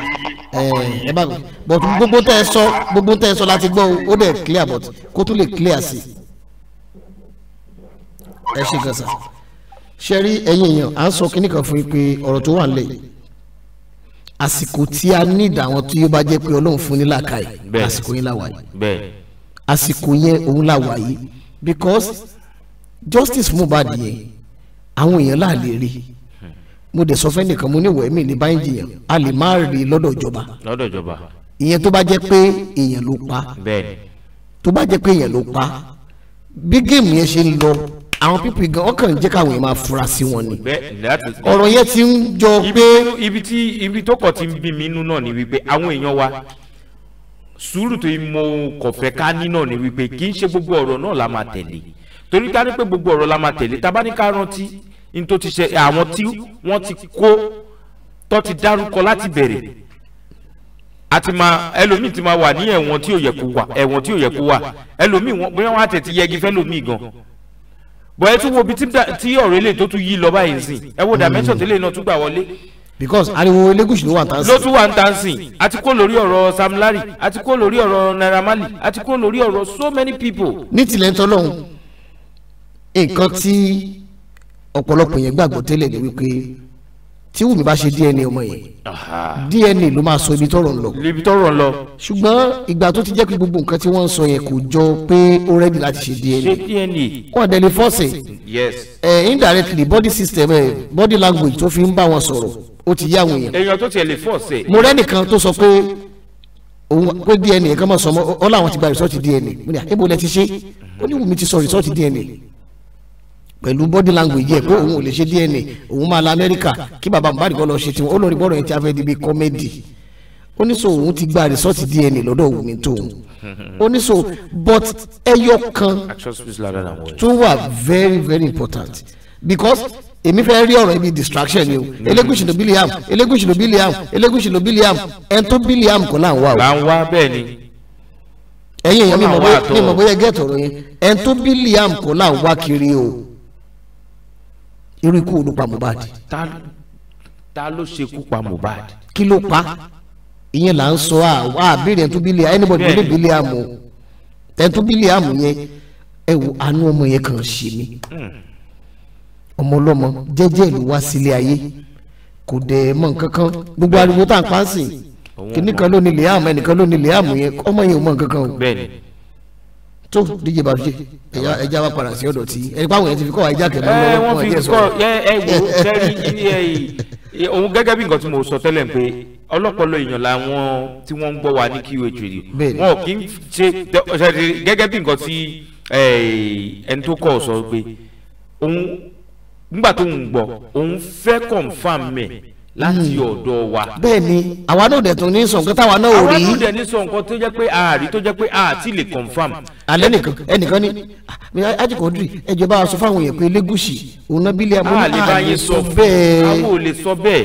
Speaker 1: eh, ẹ bá but gbogbo tẹ ẹ sọ gbogbo tẹ ẹ sọ láti gbọ́ ó dẹ̀ clear but kó tún lè clear sí ẹ ṣe gẹ̀ẹ́sà ṣe rí ẹ̀yin èèyàn à ń sọ kínní kan fún yín pé ọ̀rọ̀ tó wà ń lẹ̀ àsìkò tí a ní ìdáwọn tí yóò bá jẹ́ pé Ọlọ́run fún ní làákàyè àsìkò yẹn la wà yìí àsìkò yẹn òun la yìí because justice Mohbad yẹn àwọn èèyàn láà lè rí i mo dẹ̀ sọ fẹ́nìkan mo ní ìwọ̀ ẹ̀mí ní báyìí jiyàn a lè má
Speaker 2: rí lọ́dọ̀ ìjọba lọ́dọ̀ ìjọba
Speaker 1: ìyẹn tó bá jẹ́ pé èèyàn ló
Speaker 2: pa bẹ́ẹ̀ni
Speaker 1: tó bá jẹ́ pé èèyàn ló pa bí géèmù yẹn ṣe ń lọ àwọn pípì gan ọkàn jẹ́ káwọn èèyàn máa fura sí wọn ni
Speaker 2: ọ̀rọ̀ yẹn ti ń jọ pé. ibi tí ibi tó kọ̀ ti ń bí mi inú náà ni wípé àwọn èèyàn wa sùúrù tó yẹ mo ká ní náà ni wípé kì í ṣe gbogbo ọ̀rọ̀ náà la máa tẹ̀lé torí ta ni pé gbogbo ọ̀rọ̀ la máa tẹ̀lé ta rántí ní tó ti ṣe àwọn tí wọ́n ti kó tó ti dárúkọ láti bẹ̀rẹ̀ àti ma ẹlòmíì ti ma wà ní ẹ̀wọ̀n tí ò yẹ kó wà ẹ̀wọ̀n tí ò yẹ kó wà ẹlòmíì wọn bóyá wọn àtẹ̀ ti yẹgi fẹ́lòmíì gan bọ̀ ẹ tún wo ibi tí ọ̀rọ̀ eléyìí tó tún yí lọ báyìí nsìn ẹ wo dimension hmm. tẹ́lẹ̀ náà tún gbà wọlé.
Speaker 1: because ariwo elégùsì ló wà ń tán sí. ló
Speaker 2: tún wà ń tán sí àti kó lórí ọ̀rọ̀ Sam Larry àti kó lórí ọ̀rọ̀ Naira Marley àti kó lórí ọ̀rọ̀ so many people.
Speaker 1: ní tilẹ̀ tọ́lọ́hún nǹkan tí ọ̀pọ̀lọpọ̀ yẹn gbàgbọ́ tẹ́lẹ̀ ni wípé tí wùmí bá ṣe DNA ọmọ yẹn DNA ló máa sọ ibi tọrọ ń lọ. ibi tọrọ ń lọ. ṣùgbọ́n ìgbà tó ti jẹ́ pé gbogbo nǹkan tí wọ́n ń sọ yẹn kò jọ pé ó rẹ́dí láti ṣe DNA. ṣe DNA. wọ́n dẹ̀ fọ́ọ̀sì. yes. ẹ indirectly body system ẹ body language tó fi ń bá wọn sọ̀rọ̀ ó ti yá àwọn èèyàn.
Speaker 2: èèyàn tó tiẹ̀ lè fọ́ọ̀sì. mo rẹ́
Speaker 1: nìkan tó sọ pé òun pé DNA kan máa sọ ọ láwọn ti gba result DNA mo ní à ah, pẹ̀lú body language ẹ̀ pé òun ò lè ṣe DNA òun máa la Amẹ́ríkà kí bàbá Mohbad kọ́ lọ ṣe tiwọn ó lọ rí bọ́ọ̀rọ̀ yẹn tí a fẹ́ di bí kọ́mẹ́dì ó ní so òun ti gba rìsọ́ọ̀tì DNA lọ́dọ̀ Wùmí tóun ó ní so but ẹyọ kan tún wà very very important because èmi fẹ́ rí ọ̀rọ̀ ibi distraction ni o Elégùṣì ló Biliam Elégùṣì ló Biliam Elégùṣì ló Biliam ẹn tó Biliam kọ́ là ń wá o. là ń wá bẹ́ẹ̀ ni. ẹ̀yin èèyàn mi mọ̀ bóyá gẹ́tọ̀ rẹ̀ ẹn tó Biliam kọ́ là wá kiri o irú ikú ló pa Mohbad.
Speaker 2: ta ló ṣekú pa Mohbad.
Speaker 1: kí ló pa ìyẹn là ń sọ à àbírí ẹ̀ tún bí lè anybody bí lè bí lè àmọ́ ẹ̀ tún bí lè àmọ́ yẹn ẹ wo àánú ọmọ yẹn kàn ṣe mí hmm. ọmọ ọlọ́mọ jẹ́jẹ́ ló wá sílé ayé kò dẹ̀ mọ̀ nǹkan gbogbo ariwo tá à pa á sìn kìnnìkan ló ní lè àmọ́ ẹnìkan ló ní lè àmọ́ yẹn ọmọ yẹn ò mọ̀ nǹkan o. bẹ́ẹ̀ni tó díje babuji ẹja ẹja wa padà sí ọ̀dọ̀ tí ẹni pàwọn yẹn ti fi kọ ẹja kẹmẹ lọ́wọ́ wọn ti sọ. ẹ ẹ wo
Speaker 2: kẹrin ẹ òun gẹ́gẹ́ bí nǹkan tí mo sọ tẹ́lẹ̀ pé ọlọpọlọ èèyàn làwọn tí wọ́n ń gbọ́ wa ní QH wọn kì í ṣe gẹ́gẹ́ bí nǹkan tí ẹni tó kọ sọ pé òun nígbà tó ń gbọ́ òun fẹ́ confam mẹ láti ọ̀dọ̀ wa. bẹ́ẹ̀ni
Speaker 1: àwa náà dẹ tún ní sọ nǹkan táwa náà ò rí. àwa náà
Speaker 2: dẹ ní sọ nǹkan tó jẹ pé a rí tó jẹ pé a ti lè confam.
Speaker 1: alẹ́ nìkan ẹnìkan ni ah, ajikodiri ẹjọ bá a sọ fáwọn yẹn pé lẹ́gùsì òun náà
Speaker 2: bílẹ̀ abúlé a lè sọ bẹ́ẹ̀. àwa ò lè sọ bẹ́ẹ̀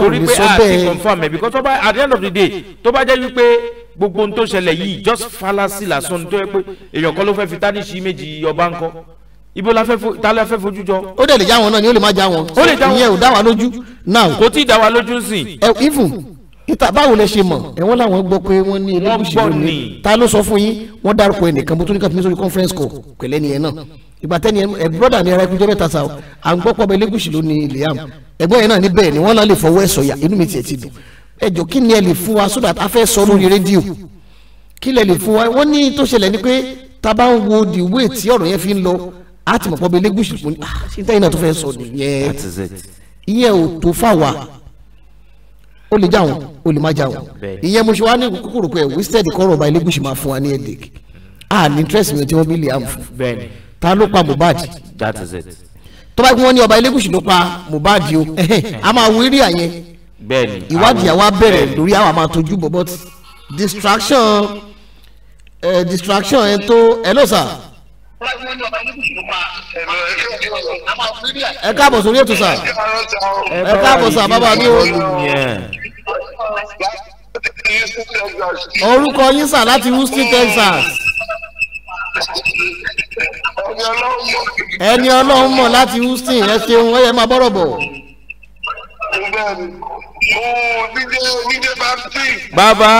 Speaker 2: torí pé a ti confam ẹ̀ because tọ́ba at the end of the day tó bá jẹ́ wípé gbogbo ohun tó ṣẹlẹ̀ yìí just fallacy lásán tó yẹ pé èèyàn kan ló fẹ́ fi tánìṣì méjì ọba ńkọ́ ibo la fẹ́ ta la fẹ́ fojú jọ. ó dẹ̀ lè já wọn náà ni ó lè má já wọn. ó lè já wọn ìyẹn ò dá wa lójú. now kò tí ì dá wa lójú sí. ẹ ifun
Speaker 1: ìta báwo lẹ ṣe mọ̀ ẹ̀wọ̀n làwọn gbọ́ pé wọ́n ní elégùsì lónìí ta ló sọ fún yín wọ́n dárúkọ ẹnìkan mo tún ní ká fi mí sórí conference call pẹ̀lẹ́ nìyẹn náà ìgbà tẹ́ni ẹ broda mi ara ẹkùnjọ́ mẹ́ta sa o à ń gbọ́ pọ̀ bẹ elégùsì lónìí liam ẹ̀gbọ́n yẹn náà ní ni wọ́n lálẹ́ fọwọ́ ẹ̀ sọ̀yà inú mi tiẹ̀ ti dùn ẹ jọ kí ni ẹ lè fún wa so that a fẹ́ sọ lórí rédíò kí a ti mọ̀ pọ́ bí lẹ́gùsì fún ah ṣíntẹ́ iná tó fẹ́ sọ nìyẹn ìyẹn ò tó fà wá ó lè já wọn ó lè má já wọn ìyẹn mo ṣe wá ní kúkúrú pé wasted kọ́rọ̀ ọba lẹ́gùsì máa fún wa ní headache a ní interest mi tí wọ́n bí lè am
Speaker 2: fún
Speaker 1: ta ló pa Mohbad tó bá wọn ní ọba lẹ́gùsì ló pa Mohbad o a máa wírí àyẹn ìwádìí àwa bẹ̀rẹ̀ lórí àwa máa tọ́jú bọ̀ but distraction eh, distraction ẹ tó ẹ lọ́sà ẹ káàbọ̀ sórí ètò sà
Speaker 5: ẹ káàbọ̀ sà bàbá mi o.
Speaker 1: orúkọ yín sà láti Houston Texas.
Speaker 4: ẹni ọlọ́run mọ̀
Speaker 1: láti Houston ẹ ṣeun ẹ yẹ máa bọ́rọ̀ bọ̀.
Speaker 2: bàbá.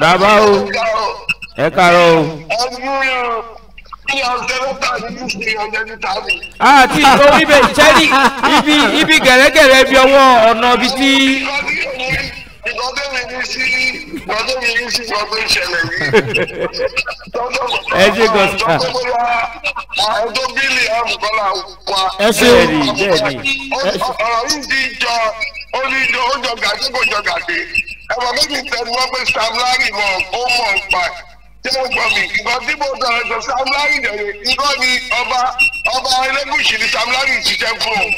Speaker 2: bàbá o ẹ kàárọ̀ o. àti
Speaker 5: ìtò bíbẹ̀ sẹ́ni ibi ibi gẹ̀rẹ́gẹ̀rẹ́ bí ọwọ́ ọ̀nà ibi tí.
Speaker 4: ẹ ṣe gọ́sà. ẹ ṣe bẹ́ẹ̀ni bẹ́ẹ̀ni. ọ̀rọ̀ yìí ti jọ ó ní ó jọ gàdé kò jọ gàdé wọ́n pé Sam Larry mọ̀ ó mọ̀ ń pa ṣé mo gbọ́ mi ìgbà tí mo sọ̀rọ̀ sọ Sam Larry dẹ̀rẹ̀ irọ́ ni ọba ọba Ẹlẹ́gùṣì ni Sam Larry ti jẹ́ fún un.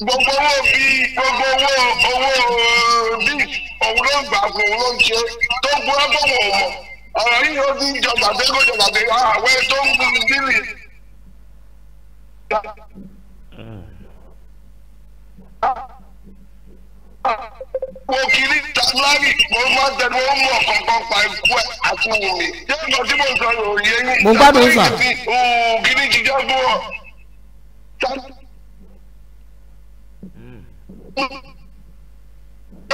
Speaker 4: gbogbo owó bí gbogbo owó owó bí òun ló gbà fún òun ló ń ṣe tó ń gbọ́ bọ̀wọ̀ mọ̀ ọ̀rọ̀ yìí ó ti ń jọba dé kó jọba ah, dé àwẹ̀ tó ń gbọ́ nílì.
Speaker 5: Mm. Ah
Speaker 4: mo kiri lari mo máa tẹnu ó mú ọ̀kọ̀ọ̀kan pa ikú ẹ̀ àti wùmí. yẹ́nà tí mo sọ òye yín. mo gbádùn sà. kiri jíjẹ́ fún hmm. ọ.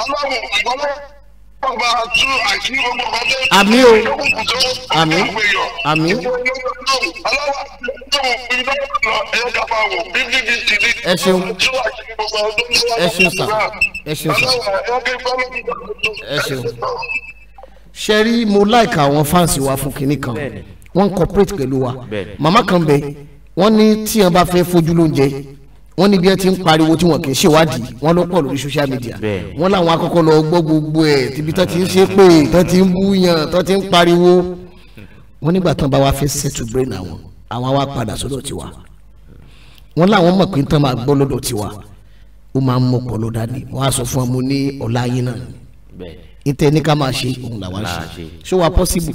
Speaker 4: ọlọ́run ọlọ́run ọba tú àti gbogbo ọba tó àmì o
Speaker 2: àmì àmì.
Speaker 4: ẹ ṣeun ẹ ṣeun sà ẹ ṣeun sà ẹ ṣeun.
Speaker 1: ṣe rí mo láìka àwọn fáǹsì wa fún kinní kan wọ́n ń cooperate pẹ̀lú wa màmá kan bẹ wọ́n ní tí wọ́n bá fẹ́ fojú lóúnjẹ wọ́n níbi ẹ ti ń pariwo tí wọ́n kì í ṣèwádìí wọ́n ló pọ̀ lórí social media wọ́n làwọn akọ́kọ́ lọ gbọ́ gbogbo ẹ̀ tíbi tó ti ń ṣe pé tó ti ń búyàn tó ti ń pariwo wọ́n nígbà tán bá wa fẹ́ settle brain àwọn àwọn wa padà sọ́dọ̀ tiwa wọ́n làwọn mọ̀ pé tán máa gbọ́ lọ́dọ̀ tiwa ó máa ń mọ pọ̀lọ́ dání wọ́n á sọ fún ọmọ ní ọ̀la yín náà ìtẹ́ ní ká máa ṣe òun làwọn ṣe ṣó wa possible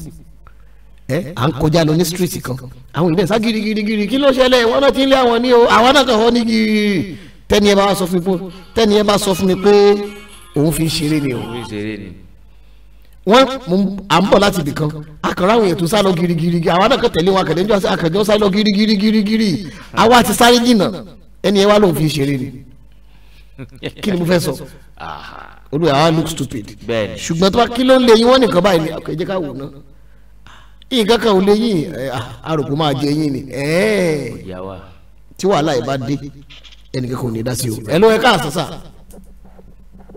Speaker 1: ẹ eh? eh? à ń kọjá lọ ní street kan àwọn ìbẹ̀ sá girigirigiri kí ló ṣẹlẹ̀ wọn náà ti ń lé àwọn ní o àwọn náà kàn họ ní gírì tẹ́ni ẹ bá sọ fún mi pé tẹ́ni ẹ bá sọ fún mi pé òun fi ṣeré ni o wọn à ń bọ̀ láti ibì kan akọ̀rọ̀ àwọn ètò sálọ girigiri àwọn náà kàn tẹ̀lé wọn akẹ̀dẹ́jọ́ akẹ̀jọ́ sálọ girigirigiri àwa ti sáré jìnnà ẹni ẹ wá lòun fi ṣeré ni kí ni mo fẹ́ sọ olùyàwó look stupid ṣùgbọ́n tó bá kí ló ń lè yín wọ́n nìkan báyìí ni ẹ ká wò náà nǹkan kan ò lè yín àròkù máa jẹ yín ni tí wàhálà yìí bá dé ẹnìkan kò ní dá sí o ẹ ló ẹ ká àṣà sà.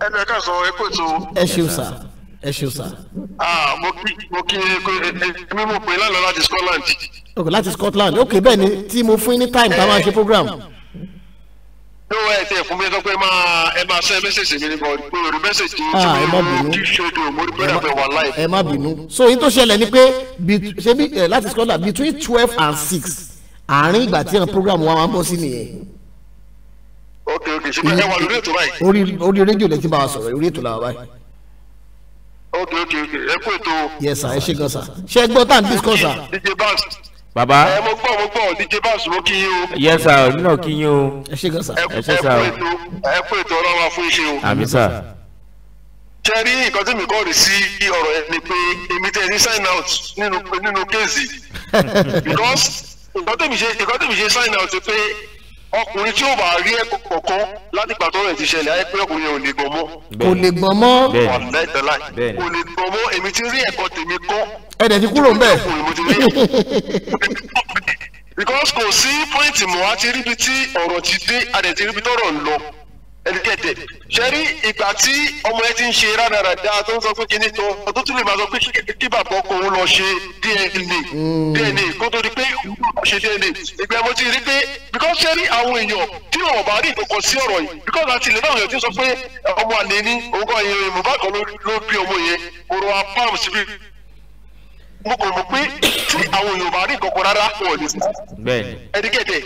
Speaker 4: ẹ lọ ẹ ká sọ epo ètò. ẹ ṣeun
Speaker 1: sà ẹ ṣeun sà.
Speaker 4: mo kí mo kí mi mo pè lálọ́ láti Scotland.
Speaker 1: ok láti Scotland ok bẹ́ẹ̀ ni tí mo fún yín ní time tá a máa ṣe program
Speaker 4: tó ẹ ti ẹ fún mi sọ pé máa ẹ máa sẹ mẹsẹsì mi ni mo pé orí mẹsẹsì
Speaker 1: tí mo ní kí ṣojú mo rí bẹ́ẹ̀ bẹ́ẹ̀ wà láì. ẹ má bínú so yín tó ṣẹlẹ̀ ni pé ṣé eh, láti scholar between twelve and six àárín ìgbà tí àwọn program wa máa bọ́ sí nìyẹn.
Speaker 4: ok ok ṣe bẹ́ẹ̀ wà lórí ètò
Speaker 1: báyìí. orí orí rédíò lẹ́tí bá wa sọ̀rọ̀ orí ètò làwọn báyìí.
Speaker 4: ok ok ẹ kú ètò.
Speaker 1: yes sir ẹ ṣe gan sir ṣe gbọ́ tá à ń discuss
Speaker 4: sir baba. ẹ mo gbọ́ mo gbọ́ díje báàsì mo kí yín o. yẹ sá ọ nínú kí yín o.
Speaker 1: ẹ ṣe gan sá. ẹ ṣe sá o.
Speaker 4: ẹ kú ètò ọ̀rọ̀ wa fún iṣẹ́ o. àmì sá. ṣe rí nǹkan tí mi kọ́ rí sí ọ̀rọ̀ ẹ ni pé èmi tẹ̀ ní sign out nínú nínú kéèsì
Speaker 2: because
Speaker 4: nǹkan tí mi ṣe nǹkan tí mi ṣe sign out pé ọkùnrin tí ó bá rí ẹ̀kọ́ kọ̀ọ̀kan láti gbà tọ́rọ̀ ẹ̀ ti ṣẹlẹ̀ ayé pé ọkùnrin yẹn ò lè gbọ́n mọ́.
Speaker 1: kò lè gbọ́n mọ́. kò
Speaker 4: lè gbọ́n èmi ti rí ẹ̀kọ́ tèmi
Speaker 1: kọ́. ẹ ti kúrò ń
Speaker 4: because kò sí pọ́ìntì mọ́ a ti ríbi tí ọ̀rọ̀ ti dé a dẹ̀ ti ríbi tọ́rọ̀ ń lọ educated ṣẹ́rí ìgbà tí ọmọ yẹn ti ń ṣe rádaràda tó ń sọ pé kíní tó ọdún tún lè máa sọ pé kí bàbá ọkọ òun lọ ṣe DNA mm. DNA kó tó di pé òun lọ ṣe DNA ìgbà mo ti rí pé because ṣẹ́rí àwọn èèyàn tí wọn bá rí ìkọ̀kọ̀ sí ọ̀rọ̀ yìí because àti ilẹ̀ náà yẹn ti sọ pé ọmọ àlè ní ogún ẹ̀yìn Mohbad kan ló bí ọmọ yẹn ọ̀rọ̀ apam síbi mo kò mọ̀ pé tí àwọn èèyàn bá rí ìkọ̀kọ̀ rárá wọ̀ ní educated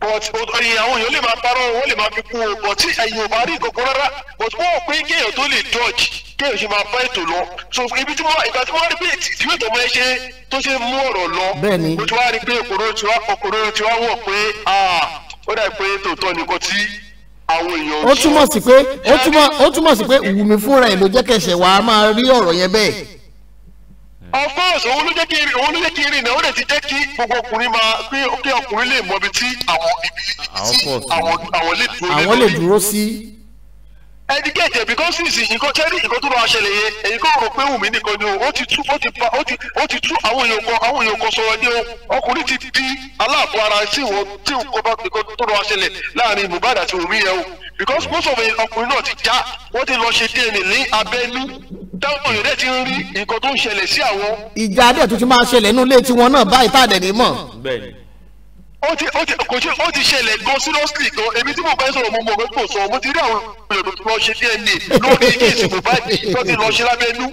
Speaker 4: but ìyẹn àwọn èèyàn lè máa parọ́ wọ́n lè máa fi kú o but ẹ̀yìn ò bá rí nǹkan rárá but wọ́n ò pé kéèyàn tó lè dodge kéèyàn ṣe máa bá ètò lọ so ibi tí wọ́n ìgbà tí wọ́n rí pé ìdíwé tó máa tó ṣe mú ọ̀rọ̀ lọ mo ti wá rí pé òkòrò tiwa òkòrò tiwa wọ̀ pé ó dà pé
Speaker 2: tòótọ́ nìkan tí àwọn èèyàn. ó túmọ̀ sí pé
Speaker 1: ó túmọ̀ sí pé Wùmí fúnra ẹ̀ ló jẹ́ kẹsẹ̀ wàá máa rí ọ̀rọ̀ yẹn bẹ́ẹ̀
Speaker 4: of course òun ló jẹ́ kí òun ló jẹ́ kí irin náà ó lè ti jẹ́ kí gbogbo ọkùnrin máa pé kí ọkùnrin lè mọ ibi tí àwọn ibi
Speaker 1: tí àwọn lè dúró sí
Speaker 4: educate because nísìnyí nǹkan tẹ́lẹ̀ nǹkan tó bá ṣẹlẹ̀ yẹn èyí kò rò pé Wùmí nìkan ni o ó ti tú ó ti pa ó ti ó ti tú àwọn èèyàn kan àwọn èèyàn kan sọ̀rọ̀ ní o ọkùnrin ti di aláàbò ara sí ìwọ tí nǹkan bá nǹkan tó bá ṣẹlẹ̀ láàrin Mohbad àti Wùmí yẹn o because most of ọkùnrin náà ti já wọ́n ti lọ ṣe DNA ní abẹ́nú táwọn èèyàn dẹ̀ ti ń rí nǹkan tó ń ṣẹlẹ̀ sí àwọn.
Speaker 1: ìjà adé tó ti máa ṣẹlẹ̀ nínú ilé tiwọn náà báyìí
Speaker 4: ó ti ó ti kò ṣe ó ti ṣẹlẹ̀ gan seriously gan èmi tí mo bá sọ̀rọ̀ mo mọ̀ pé kò sọ mo ti rí àwọn èèyàn tó lọ ṣe dna lórí kéèsì Mohbad tó ti lọ ṣe lábẹ́nú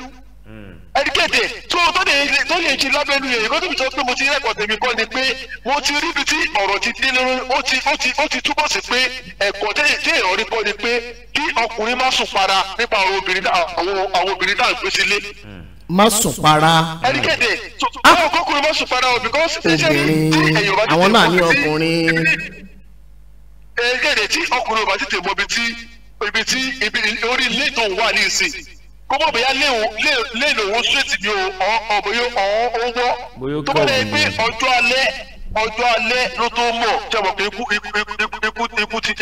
Speaker 4: hmm. ẹnikẹ́tẹ̀ tó tó lè tó lè ṣe lábẹ́nú yẹn ìkọ́ tó fi sọ pé mo ti rẹ́kọ̀ tèmi kọ́ ni pé mo ti rí ibi tí ọ̀rọ̀ ti dé lórí ó ti ó ti ó ti túbọ̀ sí pé ẹ̀kọ́ tẹ́ èèyàn rí kọ́ ni pé kí ọkùnrin má sùn para nípa àwọn obìnrin
Speaker 1: má sùn para. ẹnikẹ́ni
Speaker 4: àwọn ọkọkùnrin má sùn para o because
Speaker 1: obìnrin àwọn náà ní ọkùnrin.
Speaker 4: ẹnikẹ́ni tí ọkùnrin ò bá tètè mọ ibi tí ibi tí ibi orí ilé ìtòun wà ní ìsìn kó mọ̀ bóyá lé ìlòwò ṣètì ni o bóyá ọ̀hún
Speaker 2: owó tó bá lẹ́yìn pé
Speaker 4: ọjọ́ alẹ́ ọjọ́ alẹ́ ló tó mọ̀ jẹ́ mọ̀ pé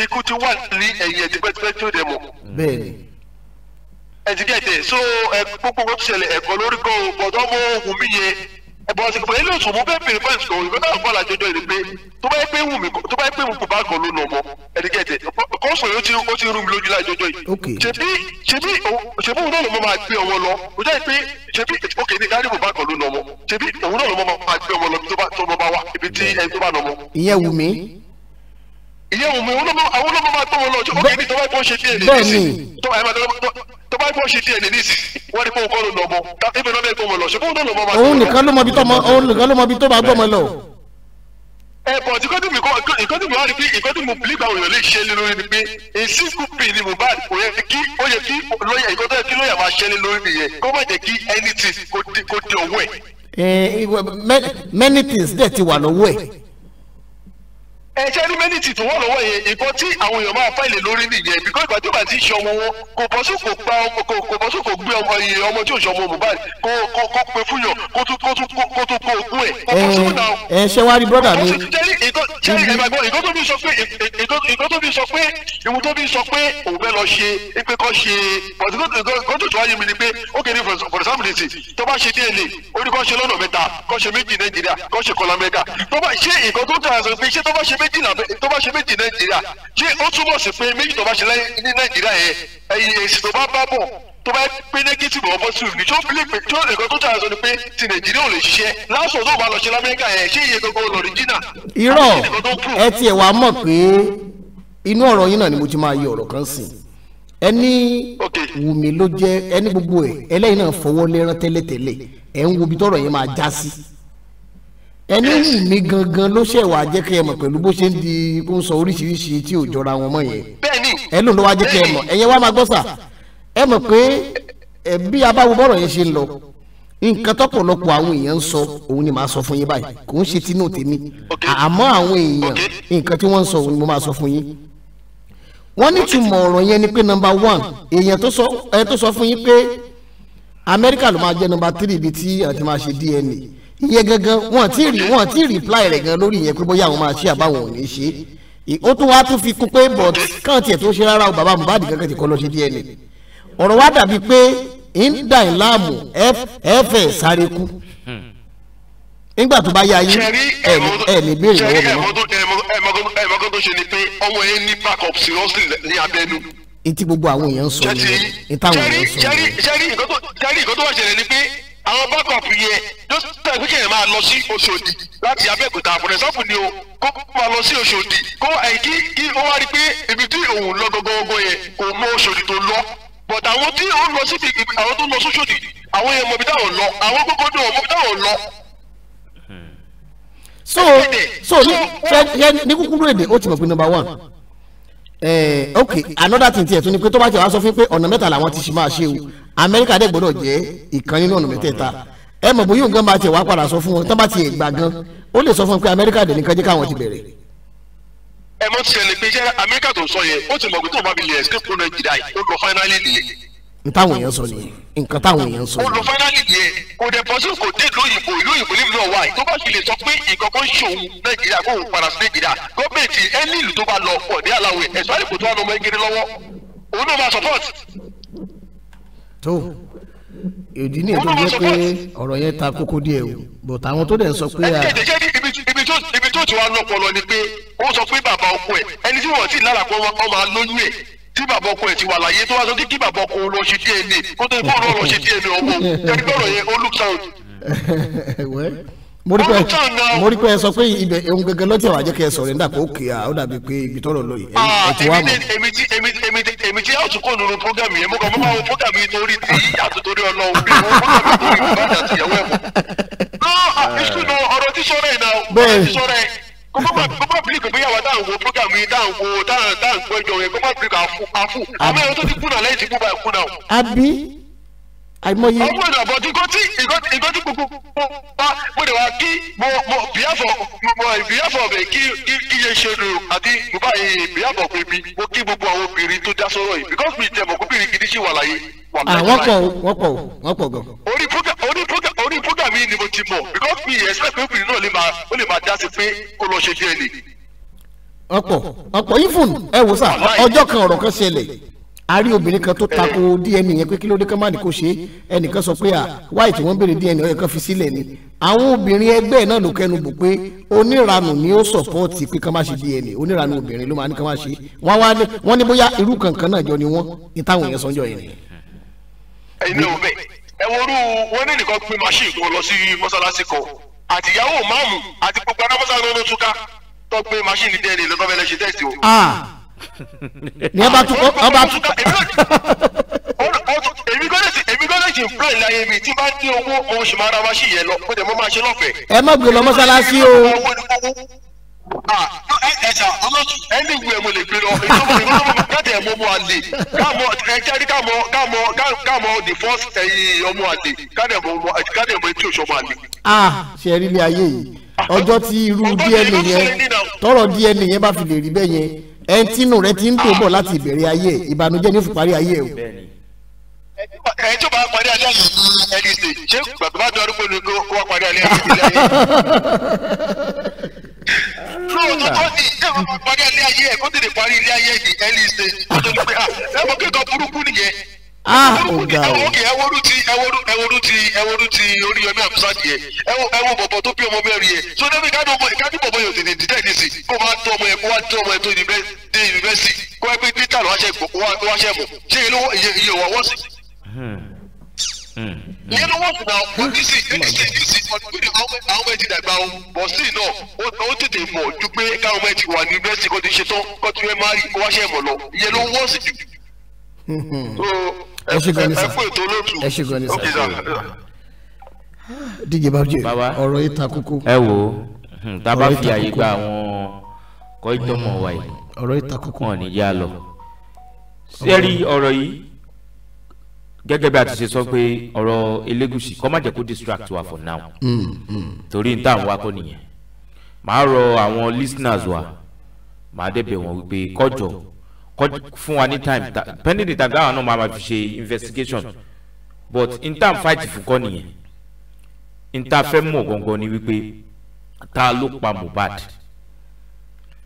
Speaker 4: ikú ti wà ní ẹ̀yìn ẹ̀dígbẹ́tígbẹ́ ó dẹ̀ mọ̀. bẹ́ẹ̀ni ẹ̀dígẹ̀tẹ̀ so gbogbo nǹkan tó ṣẹlẹ̀ ẹ̀kọ́ lórí gan o bọ̀dọ̀ mọ ohun mi yẹn ẹ̀bọ̀n ti pè é lóṣù mú bẹ́ẹ̀ bèrè fẹ́ǹsì kan ìgbẹ́ náà bọ́ọ̀lù àjọjọ́ ìlú pé tó bá yẹ pé wù mí tó bá yẹ pé wù kò bá gan ló nà mọ́ ẹ̀dígẹ̀tẹ̀ kọ́sọ̀ yóò ti ó ti rú mi lójú láìjọjọ́ yìí ṣèbí ṣèbí ṣèbí òun náà ló máa gbé ọmọ lọ ó jẹ́ pé ṣèbí òkè ní kárí kò bá gan ló nà mọ́ ṣèbí òun náà ló máa gbé ọmọ lọ tó bá wà ibi tí ẹni tó bá nà mọ́. ìyẹn wù ìyẹn wù mí àwọn olóògbé máa tọ́ wọn lọ ọjọ́ òkè ní tọ́ba ìfọ́n ṣe díẹ̀ nìyí tọ́ba ìfọ́n ṣe díẹ̀ nìyí wọ́n ní kó kọ́ ló lọ bọ́ ibi náà bẹ́ẹ̀ tó wọn lọ ṣùgbọ́n tó lọ bọ́ máa tó wọn òun nìkan ló mọ ibi tó máa gbọ́mọ lọ. ẹ bọ̀ tí kọ́tùmí kọ́tùmí wá rí pé ìkọ́tùmí bìlíkà òyìnbó lè ṣe lé lórí ni pé ni Mohbad kò yẹ kí ó yẹ kí lọ́yà ìkọ́tọ́ yẹ kí lọ́yà máa ṣẹlẹ̀ lórí nìyẹn kó má jẹ́ kí anything kó di owó ẹ̀.
Speaker 1: Eh, many things dẹ̀ ti wà lọ́wọ́ ẹ̀
Speaker 4: ẹ ṣe ní mẹ́nìtì tó wọ̀ lọ́wọ́ yẹn nǹkan tí àwọn èèyàn máa fáìlì lórí nìyẹn bíkọ́ ìgbà tí ó bá ti ṣe ọmọ wọn kò bọ́sùn kò gba kò kò bọ́sùn kò gbé ọmọ iye ọmọ tí ò ṣe ọmọ Mohbad kó kó kó pe fún yàn kó tún kó tún kó tún kó ogún ẹ̀ kó bọ́sùn náà. ẹ ṣe wá rí brọ́dà mi. ìkó tó bí sọ pé ìkó tó bí sọ pé tó bí sọ pé òun tó tó wáyé ni pé ó kéde for example tó bá ṣe DNA ó ní kó ṣe lọ́nà mẹ́ta kó ṣe méjì Nàìjíríà kó ṣe kọ́lá mẹ́ta tó bá ṣe ìkó pé méjì tó bá ṣe méjì nàìjíríà ṣé ó túmọ̀ sí pé méjì tó bá ṣe ní nàìjíríà yẹn ẹ̀yìn èsì tó bá bá bọ̀ tó bá pé nẹ́gẹ́tìfù ọkọ̀ sí òní tó bí pé tó ẹ̀kọ́ tó tààrà sọ ni pé ti nàìjíríà ò lè ṣiṣẹ́ lásán tó bá lọ ṣe lamẹ́ríkà yẹn ṣé iye gbogbo lọ́rìjìnà. irọ́ ẹ tiẹ̀ wá mọ̀ pé
Speaker 1: inú ọ̀rọ̀ yín náà ni mo ti máa yọ ọ̀rọ̀ kan sìn ẹni Wùmí ló jẹ́ ẹni gbogbo ẹ̀ ẹlẹ́yìn náà fọwọ́ lẹ́rán tẹ́lẹ̀tẹ́lẹ̀ ẹ̀ ń wo ibi tọ́rọ̀ yẹn máa já sí ẹni wù mí gangan ló ṣe wàá jẹ́ kí ẹ mọ̀ pẹ̀lú bó ṣe ń di kó ń sọ oríṣiríṣi tí ò jọra wọn mọ́ yẹn ẹnu ló wàá jẹ́ kí ẹ mọ̀ ẹ̀yẹ wàá máa gbọ́ sà ẹ mọ̀ pé bí abáwo bọ́rọ̀ yẹn ṣe ń lọ nǹkan tọ́pọ̀lọpọ̀ àwọn èèyàn ń sọ òun ni màá sọ fún yín báyìí kò ń ṣe tinú tèmi àmọ́ àwọn èèyàn nǹkan tí wọ́n ń sọ òun ni mo máa sọ fún yín wọ́n ní túmọ̀ ọ̀rọ̀ yẹn ni pé nọ́mbà one èèyàn tó sọ fún yín pé Amẹ́ríkà ló máa jẹ́ nọ́mbà three ibi tí àti máa ṣe DNA ìyẹn gangan wọn ti rí wọn ti reply rẹ̀ gan lórí ìyẹn pé bóyá àwọn máa ṣe àbáwọn ò ní ṣe ó tún wá tún fi kún pé but kàn tiẹ̀ tó ṣe rárá o bàbá Mohbad gangan ti kọ́ lọ ṣe DNA ọ̀rọ̀ wa dàbí pé ń dà ń láàmú ẹ fẹ́ sáré kú nígbà tó bá yá yín ẹ ní béèrè lọ́wọ́ mi mọ́.
Speaker 4: ẹ̀mọ́gán tó ṣe ni pé ọwọ́ ẹ ní backup seriously ní abẹ́nu.
Speaker 1: etí gbogbo àwọn èèyàn
Speaker 5: ń sọ nìyẹn ìtàwọn èèyàn ń sọ nìyẹn.
Speaker 4: jẹ́rí nǹkan tó wà ṣẹlẹ̀ ni pé àwọn back up yẹn ló tẹ̀ pé kéèyàn máa lọ sí Òṣòdì láti Abẹ́òkúta for example ni o kó máa lọ sí Òṣòdì kó ẹ̀kí kí ó wá rí pé ibi tí òun lọ gọgọgọ yẹn kò mọ Òṣòdì tó lọ but àwọn tí ó lọ síbi àwọn tó lọ sóṣòdì àwọn yẹn mọ̀bí táwọn lọ àwọn gbogbo náà mọ̀bí táwọn lọ
Speaker 1: so so ní kúkúrú èdè ó ti mọ̀ pé number one Eh, ok another thing tiẹ̀ tún ni pé tó bá ti wá sọ fún pé ọ̀nà mẹ́ta làwọn ti ṣe máa ṣe o amẹ́ríkà dẹ̀ gbọ́dọ̀ jẹ́ ìkan nínú ọ̀nà mẹ́tẹ̀ẹ̀ta ẹ mọ̀ bóyá nǹkan bá tiẹ̀ wá padà sọ fún wọn tó bá tiẹ̀ gbà gan ó lè sọ fún pé amẹ́ríkà dẹ̀ nìkan jẹ́ káwọn ti bẹ̀rẹ̀.
Speaker 4: ẹ mọ ti ṣẹlẹ̀ pé iṣẹ́ amẹ́ríkà tó sọ yẹn ó ti mọ̀ pé tó bá fi lè escape finally
Speaker 1: ntáwọn yẹn sọ nìyẹn nǹkan táwọn yẹn sọ.
Speaker 4: olùfẹ́nálì yẹn kò dẹ̀ bọ́ sí kò dé lóyìnbó lóyìnbó nínú ọ̀wá yìí tó bá fi lè sọ pé nǹkan kan ṣòun nàìjíríà kó o padà sí nàìjíríà gọ́ọ̀mẹ̀ntì ẹni ìlú tó bá lọ pọ̀ ní aláwẹ̀ ẹ̀sọ́ àdìpọ̀ tó wà lọ́mọ ẹgẹrẹ lọ́wọ́ òun náà máa support.
Speaker 1: tó ìdí ni ètò jẹ́ pé ọ̀rọ̀ yẹn ta kókó díẹ̀ o but àwọn tó dẹ̀ sọ pé a.
Speaker 4: ẹni tí wọ́n ti lára kọ́ ọmọ alóyún ẹ̀ tí bàbá ọkọ ẹ ti wà láyé tó wá sọ kí bàbá ọkọ lọ ṣe DNA kó tó kó lọ ṣe DNA ọmọ mm. ẹni gbọ́dọ̀ yẹn ó look
Speaker 1: sound. mo rí pé pé ẹ sọ pé ibẹ̀ ohun gẹ́gẹ́ lọ́tí àwọn àjẹkẹ́ sọ̀rọ̀ nígbà kó kì dàbí pé ibi tọ́rọ̀ lọ yìí ah, ẹ ti wá èmi ti èmi ti
Speaker 4: èmi ti èmi ti yàtọ̀ kó nínú programu yẹn mo kàn mọ́ àwọn programu yìí torí ti yàtọ̀ torí ọlọ́run bí programu torí ìbàdàn ti yẹ̀wò ẹ̀mọ́. ọ̀rọ̀ ti sọ̀rọ̀ yìí náà ọ̀rọ̀ ti sọ̀rọ̀ yìí kó má kó má bìlì pé bóyá wa dáhùn wo programu yìí dáhùn wo dáhùn dáhùn gbọ́jọ yẹn kó má bìlì kà á fún ẹ̀rọ tó ti kú náà lẹ́yìn tí kú báyìí kú náà.
Speaker 1: àbí àìmọye. ọwọ́
Speaker 4: ìlú àbọ̀ tí kò tí ìkọ́ tí gbogbo wa wọ́n kí mo mo bíyàfọ̀ mo bíyàfọ̀ bẹ̀ kí kí yẹ ṣe lò àti bùbá yìí bíyàfọ̀ pé mi mo kí gbogbo àwọn obìnrin tó já sọ́rọ̀ yìí because mi jẹ́ mọ̀ gidi ṣì wà àwọn pọ̀ ah, wọ́n pọ̀ wọ́n pọ̀ gan. orí program orí program orí program yìí ni mo ti mọ̀ because mi expect pé obìnrin náà lè máa ó lè máa dá sí pé kó lọ ṣe díẹ̀ ni.
Speaker 1: ọ̀pọ̀ ọ̀pọ̀ ifun ẹ wò sá ọjọ́ kan ọ̀rọ̀ kan ṣẹlẹ̀ a rí obìnrin kan tó tako dna yẹn pé kí ló dé kán má ní kó ṣe ẹnìkan sọ pé à wáyé tí wọ́n béèrè dna ọ̀yẹ́ kan fi sílẹ̀ ni àwọn obìnrin ẹgbẹ́ náà ló kẹnu bò pé oníranù ni ó sọ̀pọ́ọ̀tì pé kán má ṣe dna oníranù obìnrin ló máa ní kán má ṣe wọ́n wá ní wọ́n ní bóyá irú kankan náà jọ ni wọ́n ní táwọn èèyàn sọ́njọ́ yẹn. ẹni ò bẹ
Speaker 4: ẹ wọrú wọn ní nìkan gbé machine tó lọ sí mọ́sálásí kan àtìyàwó máàmù àti gbogbo anáfọ́sá ló ló túká tó gbé machine dna lọ́tọ́
Speaker 2: ní ẹ bá tún ọ bá tún.
Speaker 4: èmi gọ́dẹ̀sì èmi gọ́dẹ̀sì fúlẹ̀ láyé mi tí bá ní owó mo sì máa ra wá sí yẹn lọ mo dẹ̀ mo máa ṣe lọ́fẹ̀ẹ́. ẹ má gbé lọ mọ́sálásí o. Ah, ẹ ṣá ọlọ́sùn ẹni ìwé mo lè gbé lọ ìjọba ìjọba káàtì ẹ̀ mọ́ mọ́ àlè káàmọ́ ẹ jẹ́rí káàmọ́ káàmọ́ káàmọ́ the first ẹ̀yìn ọmọ àlè káàdì ọmọ káàdì ọmọ etí òṣọmọ
Speaker 1: àlè. ah ṣe rí ilé ayé yìí ah, ọjọ́ tí irú DNA yẹn tọrọ DNA yẹn bá fi lè rí bẹ́ẹ̀ yẹn ẹni tínú rẹ ti ń dò bọ̀ láti ìbẹ̀rẹ̀ ayé ẹ̀ ìbànújẹ́ ní fún parí ayé ẹ̀ o.
Speaker 4: ẹni tó bá parí alẹ́ àná ẹni ṣe ṣé bàbá bá dọ́rùn mọ́ ni kó wá parí
Speaker 5: alẹ́ àná ìdílé ayé. lóòótọ́ tó
Speaker 4: ní ṣé wọ́n parí ayé ẹ̀ kó tètè parí ilé ayé ẹ̀ ní ẹni ṣe ọjọ́ ló pé ah ẹ̀mọ́ kéèkọ́ burúkú nìyẹn
Speaker 5: ah ọ̀gá o.
Speaker 4: ẹwọ́dún ti ẹwọ́dún ti ẹwọ́dún ti Oríyọmí Àmúsàdì yẹ ẹwọ́ bọ̀bọ̀ tó bí ọmọ mẹ́rin yẹ so débi kádùnkọ ìkádùn bọ̀bọ̀ yóò tètè dídẹ́ ní sí kó máa tọ́ ọmọ yẹ kó wá tọ́ ọmọ yẹ tó dé yunifásitì kó wá pé dítà ló wáṣẹ mọ̀ ṣé ilé iye wà wọ́n sí. yẹn kùnà ọ̀pọ̀ nísì nísì nísì àwọn ọmọ dàgbà o bọ̀ sí náà ó tètè mọ̀ ju pé káwọn ọmọ wà ní yunifásitì kó ṣetán kó ti fẹ́ rí kó wáṣẹ lọ ìyẹn ló sì jù.
Speaker 5: Hmm,
Speaker 1: hmm ẹ ṣe gan ni sà ẹ ṣe gan ni sà díje babjẹ ọ̀rọ̀ yìí ta kókó. ẹ wo hmm, tá a bá fi àyè gba àwọn
Speaker 2: kọ́ńtọ́mọ̀ wa yìí ọ̀rọ̀ yìí ta kókó wọn ní yá lọ. sẹ́rí ọ̀rọ̀ yìí gẹ́gẹ́ bí a ti ṣe sọ pé ọ̀rọ̀ Elégùṣì kó má jẹ́ kó distract wa for now hmm, hmm. torí n táwọn wa kọ́ nìyẹn màá rọ àwọn listeners wa màá débẹ̀ wọn wípé kọjọ fún wa ní time pending the time táwọn náà máa fi ṣe investigation but in time fight fún kọ́ nìyẹn in ta fẹ́ mọ̀ gangan ni wípé ta ló pa Mohbad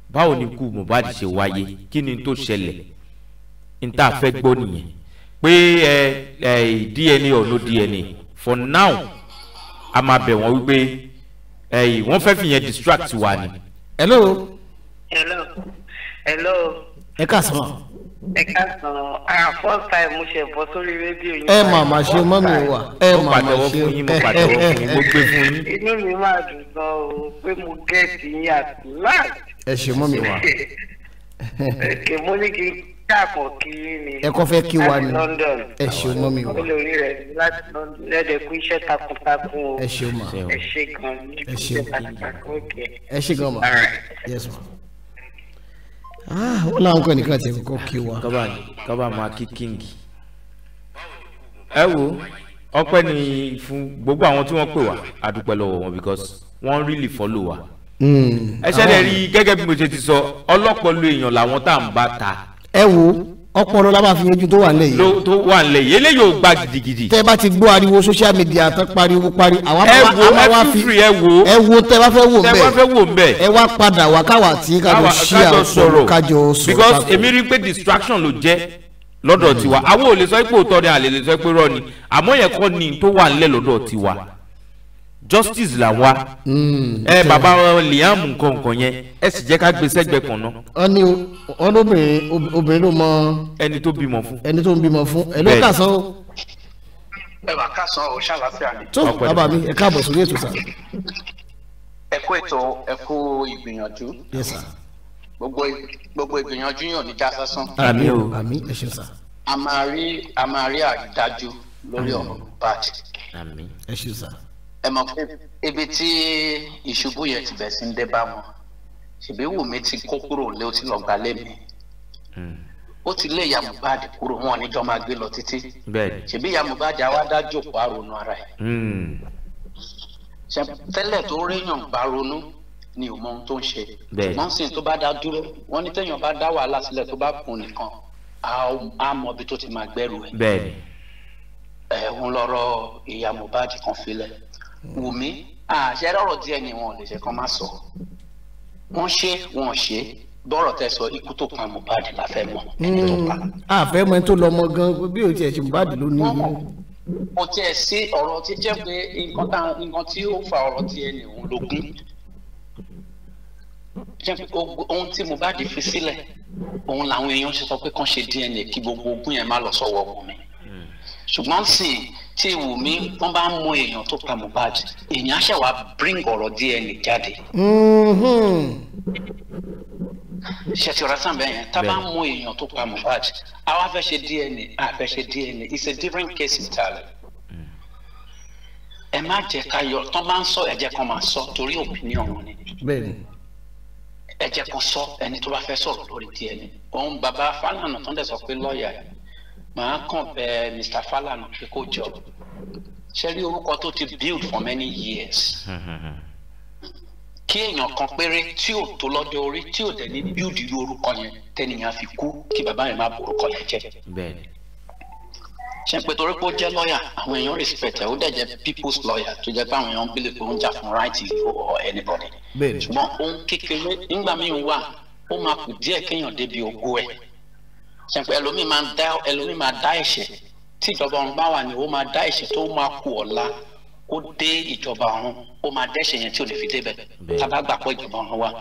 Speaker 2: báwo ni ikú Mohbad ṣe wáyé kí ni tó ṣẹlẹ̀ n tá a fẹ́ gbọ́ nìyẹn pé ẹ ẹ DNA or no DNA for now a máa bẹ̀ wọ́n wípé ẹ wọ́n fẹ́ fìyẹn distract wa ni. hello.
Speaker 5: hello. hello ẹ kà sọ. ẹ kà sọ ah first time mo ṣe bọ́ sórí rédíò yìí. ẹ mà má ṣe mọ́ mi wà ẹ mà má ṣe mo pàtẹ́wọ́ fún yín mo gbé fún yín. inú mi máa dùn gan o pé mo gẹ̀ẹ́tì yín at last. ẹ ṣe mọ́ mi wà. èké mo ní kí n dàpọ̀ kí ni. ẹ kọ́ fẹ́ kí wa ni ẹ ṣe mọ́ mi wà. olórí rẹ̀ láti London lẹ́dẹ̀ẹ́kú iṣẹ́ takuntakun o. ẹ ṣe mọ́ ẹ ẹ
Speaker 1: ṣe gan yes ma wọn ah, làwọn kọ nìkan tẹ kọ kí wa.
Speaker 2: kọ́ba kọ́ba máa kí kíngì. ẹ wo ọpẹ́ ni fún gbogbo àwọn tí wọ́n pè wá a dúpẹ́ lọ́wọ́ wọn because wọ́n really follow wa. Hmm, ẹ ṣẹlẹ̀ rí gẹ́gẹ́ bí mo ṣe ti sọ ọlọ́pọ̀lọ́ èèyàn làwọn tá à ń bá ta.
Speaker 1: ẹ wo ọpọlọ la fi yanjú tó wà nílẹ̀ yìí.
Speaker 2: tó wà nílẹ̀ yìí eléyìí ò gba gidigidi.
Speaker 1: tẹ bá ti gbọ́ ariwo social media tán pariwo pariwo. ẹ wo ẹ fi ẹ wo. ẹ wo tẹ bá fẹ́ wò mbẹ. tẹ bá fẹ́ wò mbẹ. ẹ wá padà wá káwá tí kájọ ṣí àwọn sọ̀rọ̀ kájọ sọ̀rọ̀. because èmi
Speaker 2: rí i pé distraction ló jẹ́ lọ́dọ̀ tiwa àwọn ò lè sọ pé òótọ́ ni àlè lè sọ pé rọ́ àmọ́ yẹn kọ́ ni tó wà nílẹ̀ lọ́dọ̀ tiwa justice là wà
Speaker 5: mm.
Speaker 1: ẹ baba
Speaker 2: liam nkankan yẹn ẹ sì jẹ́ ká gbé sẹ́gbẹ̀ kan náà.
Speaker 1: wọ́n ní wọ́n ní obìnrin obìnrin ló mọ.
Speaker 2: ẹni tó bímọ fún.
Speaker 1: ẹni tó ń bímọ fún ẹ ló kà sán o.
Speaker 2: ẹ wà ká sán o ṣàlàfíà ni. tó bàbá mi ẹ
Speaker 1: káàbọ̀ sórí ètò sà.
Speaker 6: ẹ kú ètò ẹ kú ìgbìyànjú. yes sir. gbogbo gbogbo ìgbìyànjú yàn ní já sásán. àmín o
Speaker 1: àmín ẹ ṣé sà.
Speaker 6: a máa rí a máa rí àdájú lórí ọ̀rọ̀ bá
Speaker 2: a ẹ ṣé sà
Speaker 6: ẹ mọ̀ pé ibi tí ìṣubú yẹn ti bẹ̀ sí ń dé bá wọn ṣèbí Wùmí ti kó kúrò lé ó ti lọ gbà lé mi hmm. ó ti lé ìyá Mohbad kúrò wọn níjọ máa gbé lọ títí ṣèbí ìyá Mohbad àwa dá jókòó àrònú ara ẹ̀ hmm. tẹ́lẹ̀ tó réyàn bá ronú ni ò mọ ohun tó ń ṣe ṣùgbọ́n sìn tó bá dá dúró wọ́n ní téèyàn bá dá wàhálà sílẹ̀ tó bá kùn nìkan á mọ ibi tó ti máa gbẹ́rù ẹ̀ ń lọ́rọ̀ ìyá Mohbad kan filẹ̀ Wùmí àṣẹ rọ̀rọ̀ díẹ̀ ni wọn ò lè jẹ́ kán má sọ wọ́n ṣe wọn ò ṣe bọ́rọ̀ tẹ sọ ikú tó pa Mohbad la fẹ́ mọ̀
Speaker 1: ẹni tó hmm. pa. àfẹ́ mọ ẹni tó lọ mọ gan bí o tiẹ̀ ṣe Mohbad ló ní ìlú.
Speaker 6: mo tiẹ̀ sí ọ̀rọ̀ tí jẹ́ pé nǹkan tí ó fa ọ̀rọ̀ tiẹ̀ ni òun ló gún ohun tí Mohbad fi sílẹ̀ òun làwọn èèyàn ṣe sọ pé kán ṣe DNA kí gbogbo ogún yẹn má lọ sọ́wọ́ Wùmí ṣùgbọ́n sì tí Wùmí wọ́n bá ń mú èèyàn tó pa Mohbad èèyàn á ṣẹ̀wá bring ọ̀rọ̀ DNA jáde.
Speaker 5: Mm-hmm.
Speaker 6: ṣètì ọ̀rọ̀ sàn bẹ́ẹ̀ yẹn tá a bá ń mú èèyàn tó pa Mohbad àwa fẹ́ ṣe DNA a fẹ́ ṣe DNA it's a different case entirely ẹ má jẹ́ ká yọ tán bá ń sọ ẹ jẹ́ kan máa sọ torí opinion wọn ni. bẹ́ẹ̀ni. ẹ jẹ́ kan sọ ẹni tó bá fẹ́ sọ̀rọ̀ lórí DNA òun bàbá Fálànà tó ń dẹ̀ sọ pé lọ́ọ̀yà yìí màá kàn bẹ̀ Mr. Falana pé kó jọ ṣe rí orúkọ tó ti build for many years kí èèyàn kan péré tí ò tó lọ́jọ́ orí tí ò dẹ̀ ní build irú orúkọ yẹn tẹ́nìyàn fi kú kí bàbá yẹn má borúkọ yẹn jẹ́ ṣe pé torí pé ó jẹ́ lọ́ọ̀yà àwọn èèyàn respect ẹ̀ ó dẹ̀ jẹ́ people's lawyer tó jẹ́ pé àwọn èèyàn bílẹ̀ pé ó ń jà fún right for anybody ṣùgbọ́n ohun kékeré nígbà míì wà ó máa kù díẹ̀ kéèyàn débi ògo ẹ̀ ṣẹ̀pẹ̀ ẹlòmíì máa ń dá ẹlòmíì máa dá ẹ̀ṣẹ̀ tí ìjọba ọ̀run bá wà ní ó máa dá ẹ̀ṣẹ̀ tó máa kù ọ̀la kó dé ìjọba ọ̀run ó máa dẹ́ṣẹ̀ yẹn tí ò lè fi débẹ̀ tábà gbà pọ̀ ìjọba ọ̀run wa.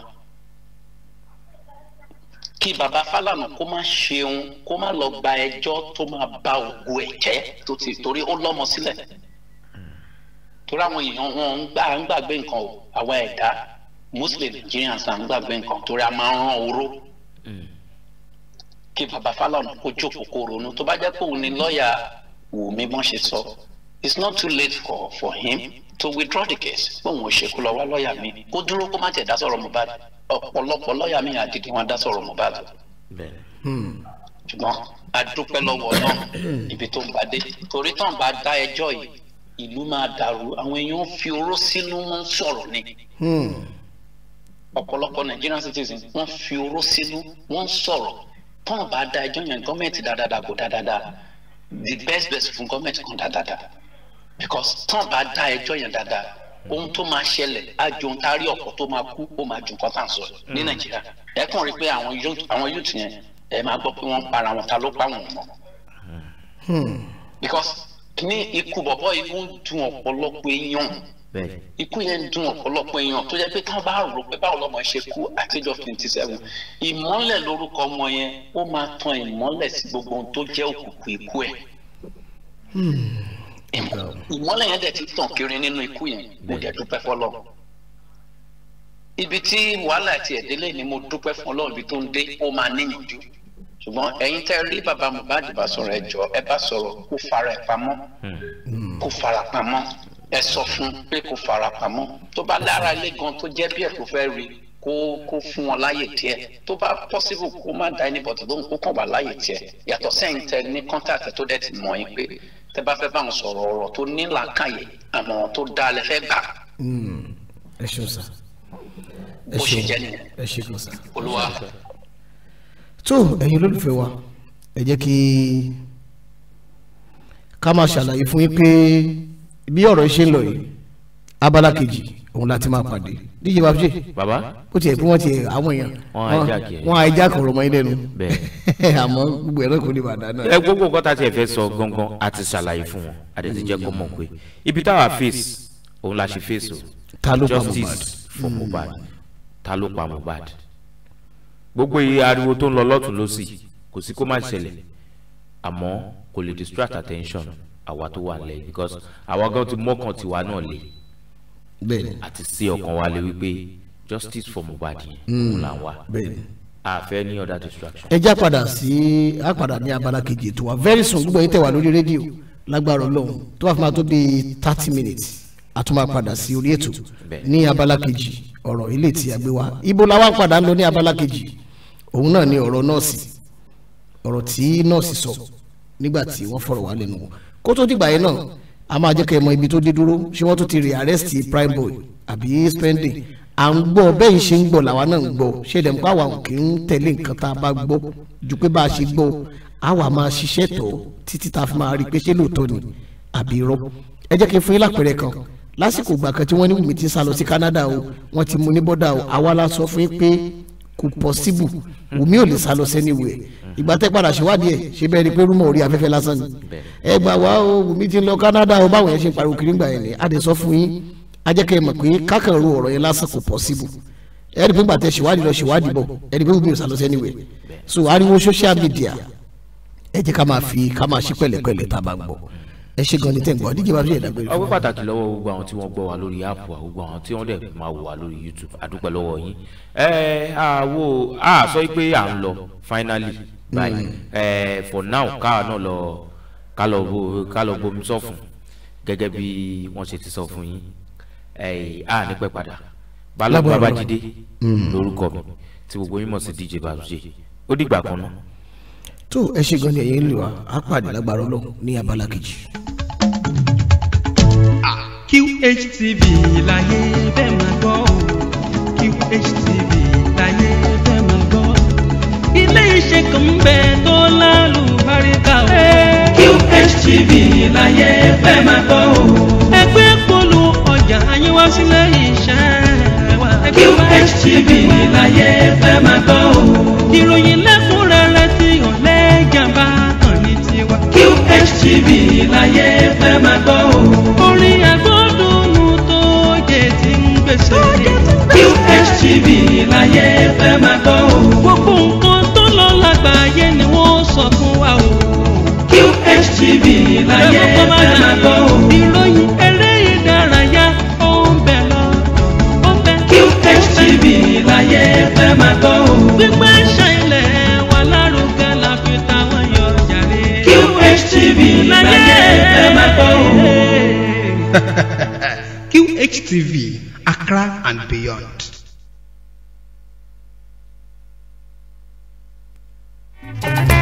Speaker 6: kí baba Fálànà kó má ṣeun kó má lọ gba ẹjọ́ tó máa ba ògo ẹ̀ jẹ́ tó ti torí ó lọ́mọ sílẹ̀ torí àwọn èèyàn wọn ń gbà ń gbàgbé nǹkan o ẹ̀dá muslim nigerians à ń gbàgbé nǹkan torí a máa ń rán oró kí baba Falana kó jókòó kó ronú tó bá jẹ́ pé òun ni lọ́ọ̀yà Wùmí bọ́n ṣe sọ it's not too late for for him to withdraw the case pé òun ò ṣe kó lọ wá lọ́ọ̀yà mi kó dúró kó má tẹ̀ dá sọ̀rọ̀ Mohbad ọ̀pọ̀lọpọ̀ lọ́ọ̀yà mi àdìdì wọn dá sọ̀rọ̀ Mohbad hmm. ṣùgbọ́n a dúpẹ́ lọ́wọ́ náà ibi tó ń bá dé torí tán bá dá ẹjọ́ yìí ìlú máa dàrú àwọn èèyàn fi oró sínú wọn sọ̀rọ̀ ni hmm. ọ̀pọ̀lọpọ̀ Nigerian citizens wọ́n fi oró sínú wọ́n sọ̀rọ̀ tán bá da ẹjọ́ yẹn gọ́ọ̀mẹ̀ntì dáadáa kò dáadáa the best best fún gọ́ọ̀mẹ̀ntì kan dáadáa because tán bá da ẹjọ́ yẹn dáadáa ohun tó máa ṣẹlẹ̀ àjò ń tarí ọ̀pọ̀ tó máa kú ó máa ju nǹkan tá à ń sọ ní mm. nàìjíríà ẹ kàn rí pé àwọn youth yẹn ẹ máa gbọ́ pé wọ́n ń para wọn ta ló pa wọn mọ́
Speaker 3: hmm. because ní ikú bọ̀bọ́ yìí ó ń dun ọ̀pọ̀lọpọ̀ èèyàn
Speaker 5: ikú yẹn ń dùn ọ̀pọ̀lọpọ̀ èèyàn tó jẹ́ pé ká bá rò pé báwo lọ́mọ ṣe kú àtijọ́ twenty seven
Speaker 6: ìmọ́lẹ̀ lórúkọ ọmọ yẹn ó máa tan ìmọ́lẹ̀ sí gbogbo ohun tó jẹ́ òkùnkùn ikú ẹ̀ hmm. ìmọ́lẹ̀ yẹn dẹ̀ ti tàn kiri nínú ikú yẹn mo dẹ̀ dúpẹ́ fọlọ́ ibi tí wàhálà ti ẹ̀dẹ́lẹ̀ ni mo dúpẹ́ fún Ọlọ́run ibi tó ń dé ó máa níyànjú ṣùgbọ́n ẹ̀yin tẹ́ rí bàbá Mohbad bá sọ̀rọ̀ ẹ jọ̀ọ́ ẹ bá sọ̀rọ̀ kó fara ẹ̀ pamọ́
Speaker 4: hmm.
Speaker 6: kó fara pamọ́ ẹ sọ fún pé kò fara pamọ́ tó bá lára ilé gan tó jẹ́ bí ẹ̀ tó fẹ́ rí kó kó fún wọn láàyè tiẹ̀ tó bá possible kó má da ẹni bọ̀tọ̀ lóhùn kó kàn wá láàyè tiẹ̀ yàtọ̀ sẹ́yìn tẹ ní contact tó dẹ̀ ti mọ̀ yín pé tẹ bá fẹ́ bá wọn sọ̀rọ̀ ọ̀rọ̀ tó ní làákàyè àmọ́ tó dáa lẹ fẹ́ gbà.
Speaker 1: Hmm. ẹ ṣeun sá ẹ ṣeun ẹ ṣeun sá olúwa. tó ẹ̀yin olólùfẹ́ wa ẹ jẹ́ kí ká máa ṣàlàyé fún yín pé bí ọ̀rọ̀ ṣe ń lọ yìí abala kejì òun láti máa pàdé díje bàbá ṣe bàbá ó tiẹ̀ pé wọ́n ti àwọn èèyàn wọ́n àìjà kọ̀rọ̀ mọ́ ilé nu àmọ́ gbogbo ẹ̀rọ kò ní bàa dáná. ẹ gbogbo
Speaker 2: nǹkan tá a tiẹ̀ fẹ́ sọ gangan àti ṣàlàyé fún wọn àdètí jẹ́ mọ̀ pé ibi táwa face òun la ṣe face o justice for hmm. Mohbad ta ló pa Mohbad gbogbo iye ariwo tó ń lọ lọ́tún lọ́sì kò sí kó má ṣẹlẹ̀ àmọ́ kò lè distract attention àwa tó wà nílẹ̀ because àwa gan ti mọ́kàn tiwa náà lé bẹ́ẹ̀ni àti sí ọkàn wa lé wípé justice for Mohbad yẹn hmm. òun là ń wá bẹ́ẹ̀ni àfẹ́ ní other distraction. ẹ já padà sí
Speaker 1: àpàdà ní abala kejì tó wa very soon gbogbo yìí tẹ̀ wá lórí rédíò lágbára Ọlọ́run tó bá fi máa tó bíi thirty minutes a tún máa padà sí orí ètò ní abala kejì ọ̀rọ̀ ilé tí a gbé wá ibo la wá padà ń lọ ní abala kejì òun náà ni ọ̀rọ̀ nọ́ọ̀sì ọ̀rọ̀ tí nọ́ọ̀sì sọ nígbà tí wọ́n fọ̀rọ̀ wá lẹ́nu wọn kó tó dìgbà yẹn náà a máa jẹ́ kẹ́ ẹ mọ ibi tó dé dúró ṣé wọ́n tún ti rí arrest prime boy àbí spending à ń gbọ́ bẹ́ẹ̀ ṣe ń gbọ́ làwa náà ń gbọ́ ṣé lè ń pa àwọn kì í tẹ̀lé nǹkan tá a bá gbọ́ ju pé bá a ṣe gbọ́ àwa máa ṣiṣẹ́ tó títí tá a fi máa rí i pé ṣé lóòótọ́ ni àbí irọ́ ẹ jẹ́ kí n fún yín lápẹ̀rẹ̀ kan lásìkò ìgbà kan tí wọ́n ní Wùmí ti sá lọ sí Canada o wọ́n ti mú ní bọ́dà o àwa la sọ fún yín pé kò pọ́síbù wùmí ò lè sá lọ sẹ́ni wù ẹ̀ ìgbà tẹ́ padà ṣèwádìí ẹ̀ ṣe bẹ́ẹ̀ ni pé rúmọ̀ orí afẹ́fẹ́ lásán ni ẹ gbà wá o wùmí ti lọ Canada o báwọn yẹn ṣe pariwo kiri gbà yẹn ni a dẹ̀ sọ fún yín a jẹ́ kẹ́ ẹ mọ̀ pé kákàrọ̀ ọ̀rọ̀ yẹn lásán kò pọ́síbù ẹ rí i pé ìgbà tẹ́ ṣèwádìí lọ ṣèwádìí bọ̀ ẹ rí i pé wùmí ò sá lọ sẹ́ni wù ẹ̀ so ariwo social media ẹ jẹ́ ká máa fi ká máa ṣí pẹ̀lẹ́pẹ̀lẹ́ tá a bá gbọ́ ẹ ṣe gan ni tẹ̀ ń gbọ́ díje bàbá ìdàgbé. ọpẹ́
Speaker 2: pàtàkì lọ́wọ́ gbogbo àwọn tí wọ́n gbọ́ wa lórí áàpù wa gbogbo àwọn tí wọ́n dẹ̀ máa wò wá lórí youtube àdúpẹ́ lọ́wọ́ yín. ẹ àwo a sọ pé à ń lọ finally báyìí hmm. ẹ for now ká náà lọ ká lọ bo ká lọ bomi sọ fún gẹ́gẹ́ bí wọ́n ṣe ti sọ fún yín ẹ a ní pẹ́ padà Bala Babájídé hmm. lórúkọ mi tí gbogbo yín mọ̀ sí DJ Babájídé ó dìgbà kan náà
Speaker 1: tó ẹ ṣe gan ni lè wá á pàdé lágbára
Speaker 5: ọlọ́run ní abala kejì. QHTV láyé bẹ́ẹ̀ máa gbọ́ QHTV láyé bẹ́ẹ̀
Speaker 6: máa gbọ́ ilé iṣẹ́ kan ń bẹ tó lálùbáríkà o.
Speaker 5: QHTV láyé bẹ́ẹ̀ máa gbọ́ o.
Speaker 6: ẹgbẹ́ polu ọjà àyínwá sílẹ̀ iṣẹ́ wa. QHTV láyé
Speaker 5: bẹ́ẹ̀ máa
Speaker 4: gbọ́ ìròyìn lẹ́kùn
Speaker 2: QHTV láyé fẹ́ máa gbọ́ o.
Speaker 4: orin agbódùnmù tó yẹ ti ń gbèsè. QHTV láyé
Speaker 5: fẹ́ máa gbọ́ o.
Speaker 4: gbogbo nǹkan tó lọ lágbàáyé ni wọ́n sọ fún wa o. QHTV
Speaker 5: láyé fẹ́ máa gbọ́ o.
Speaker 4: ìròyìn eré ìdárayá ó ń bẹ̀ lọ. ó ń bẹ̀. QHTV láyé
Speaker 5: fẹ́ máa gbọ́ o.
Speaker 4: gbígbẹ́ ṣẹlẹ̀.
Speaker 1: QHTV, Accra and beyond. Thank you.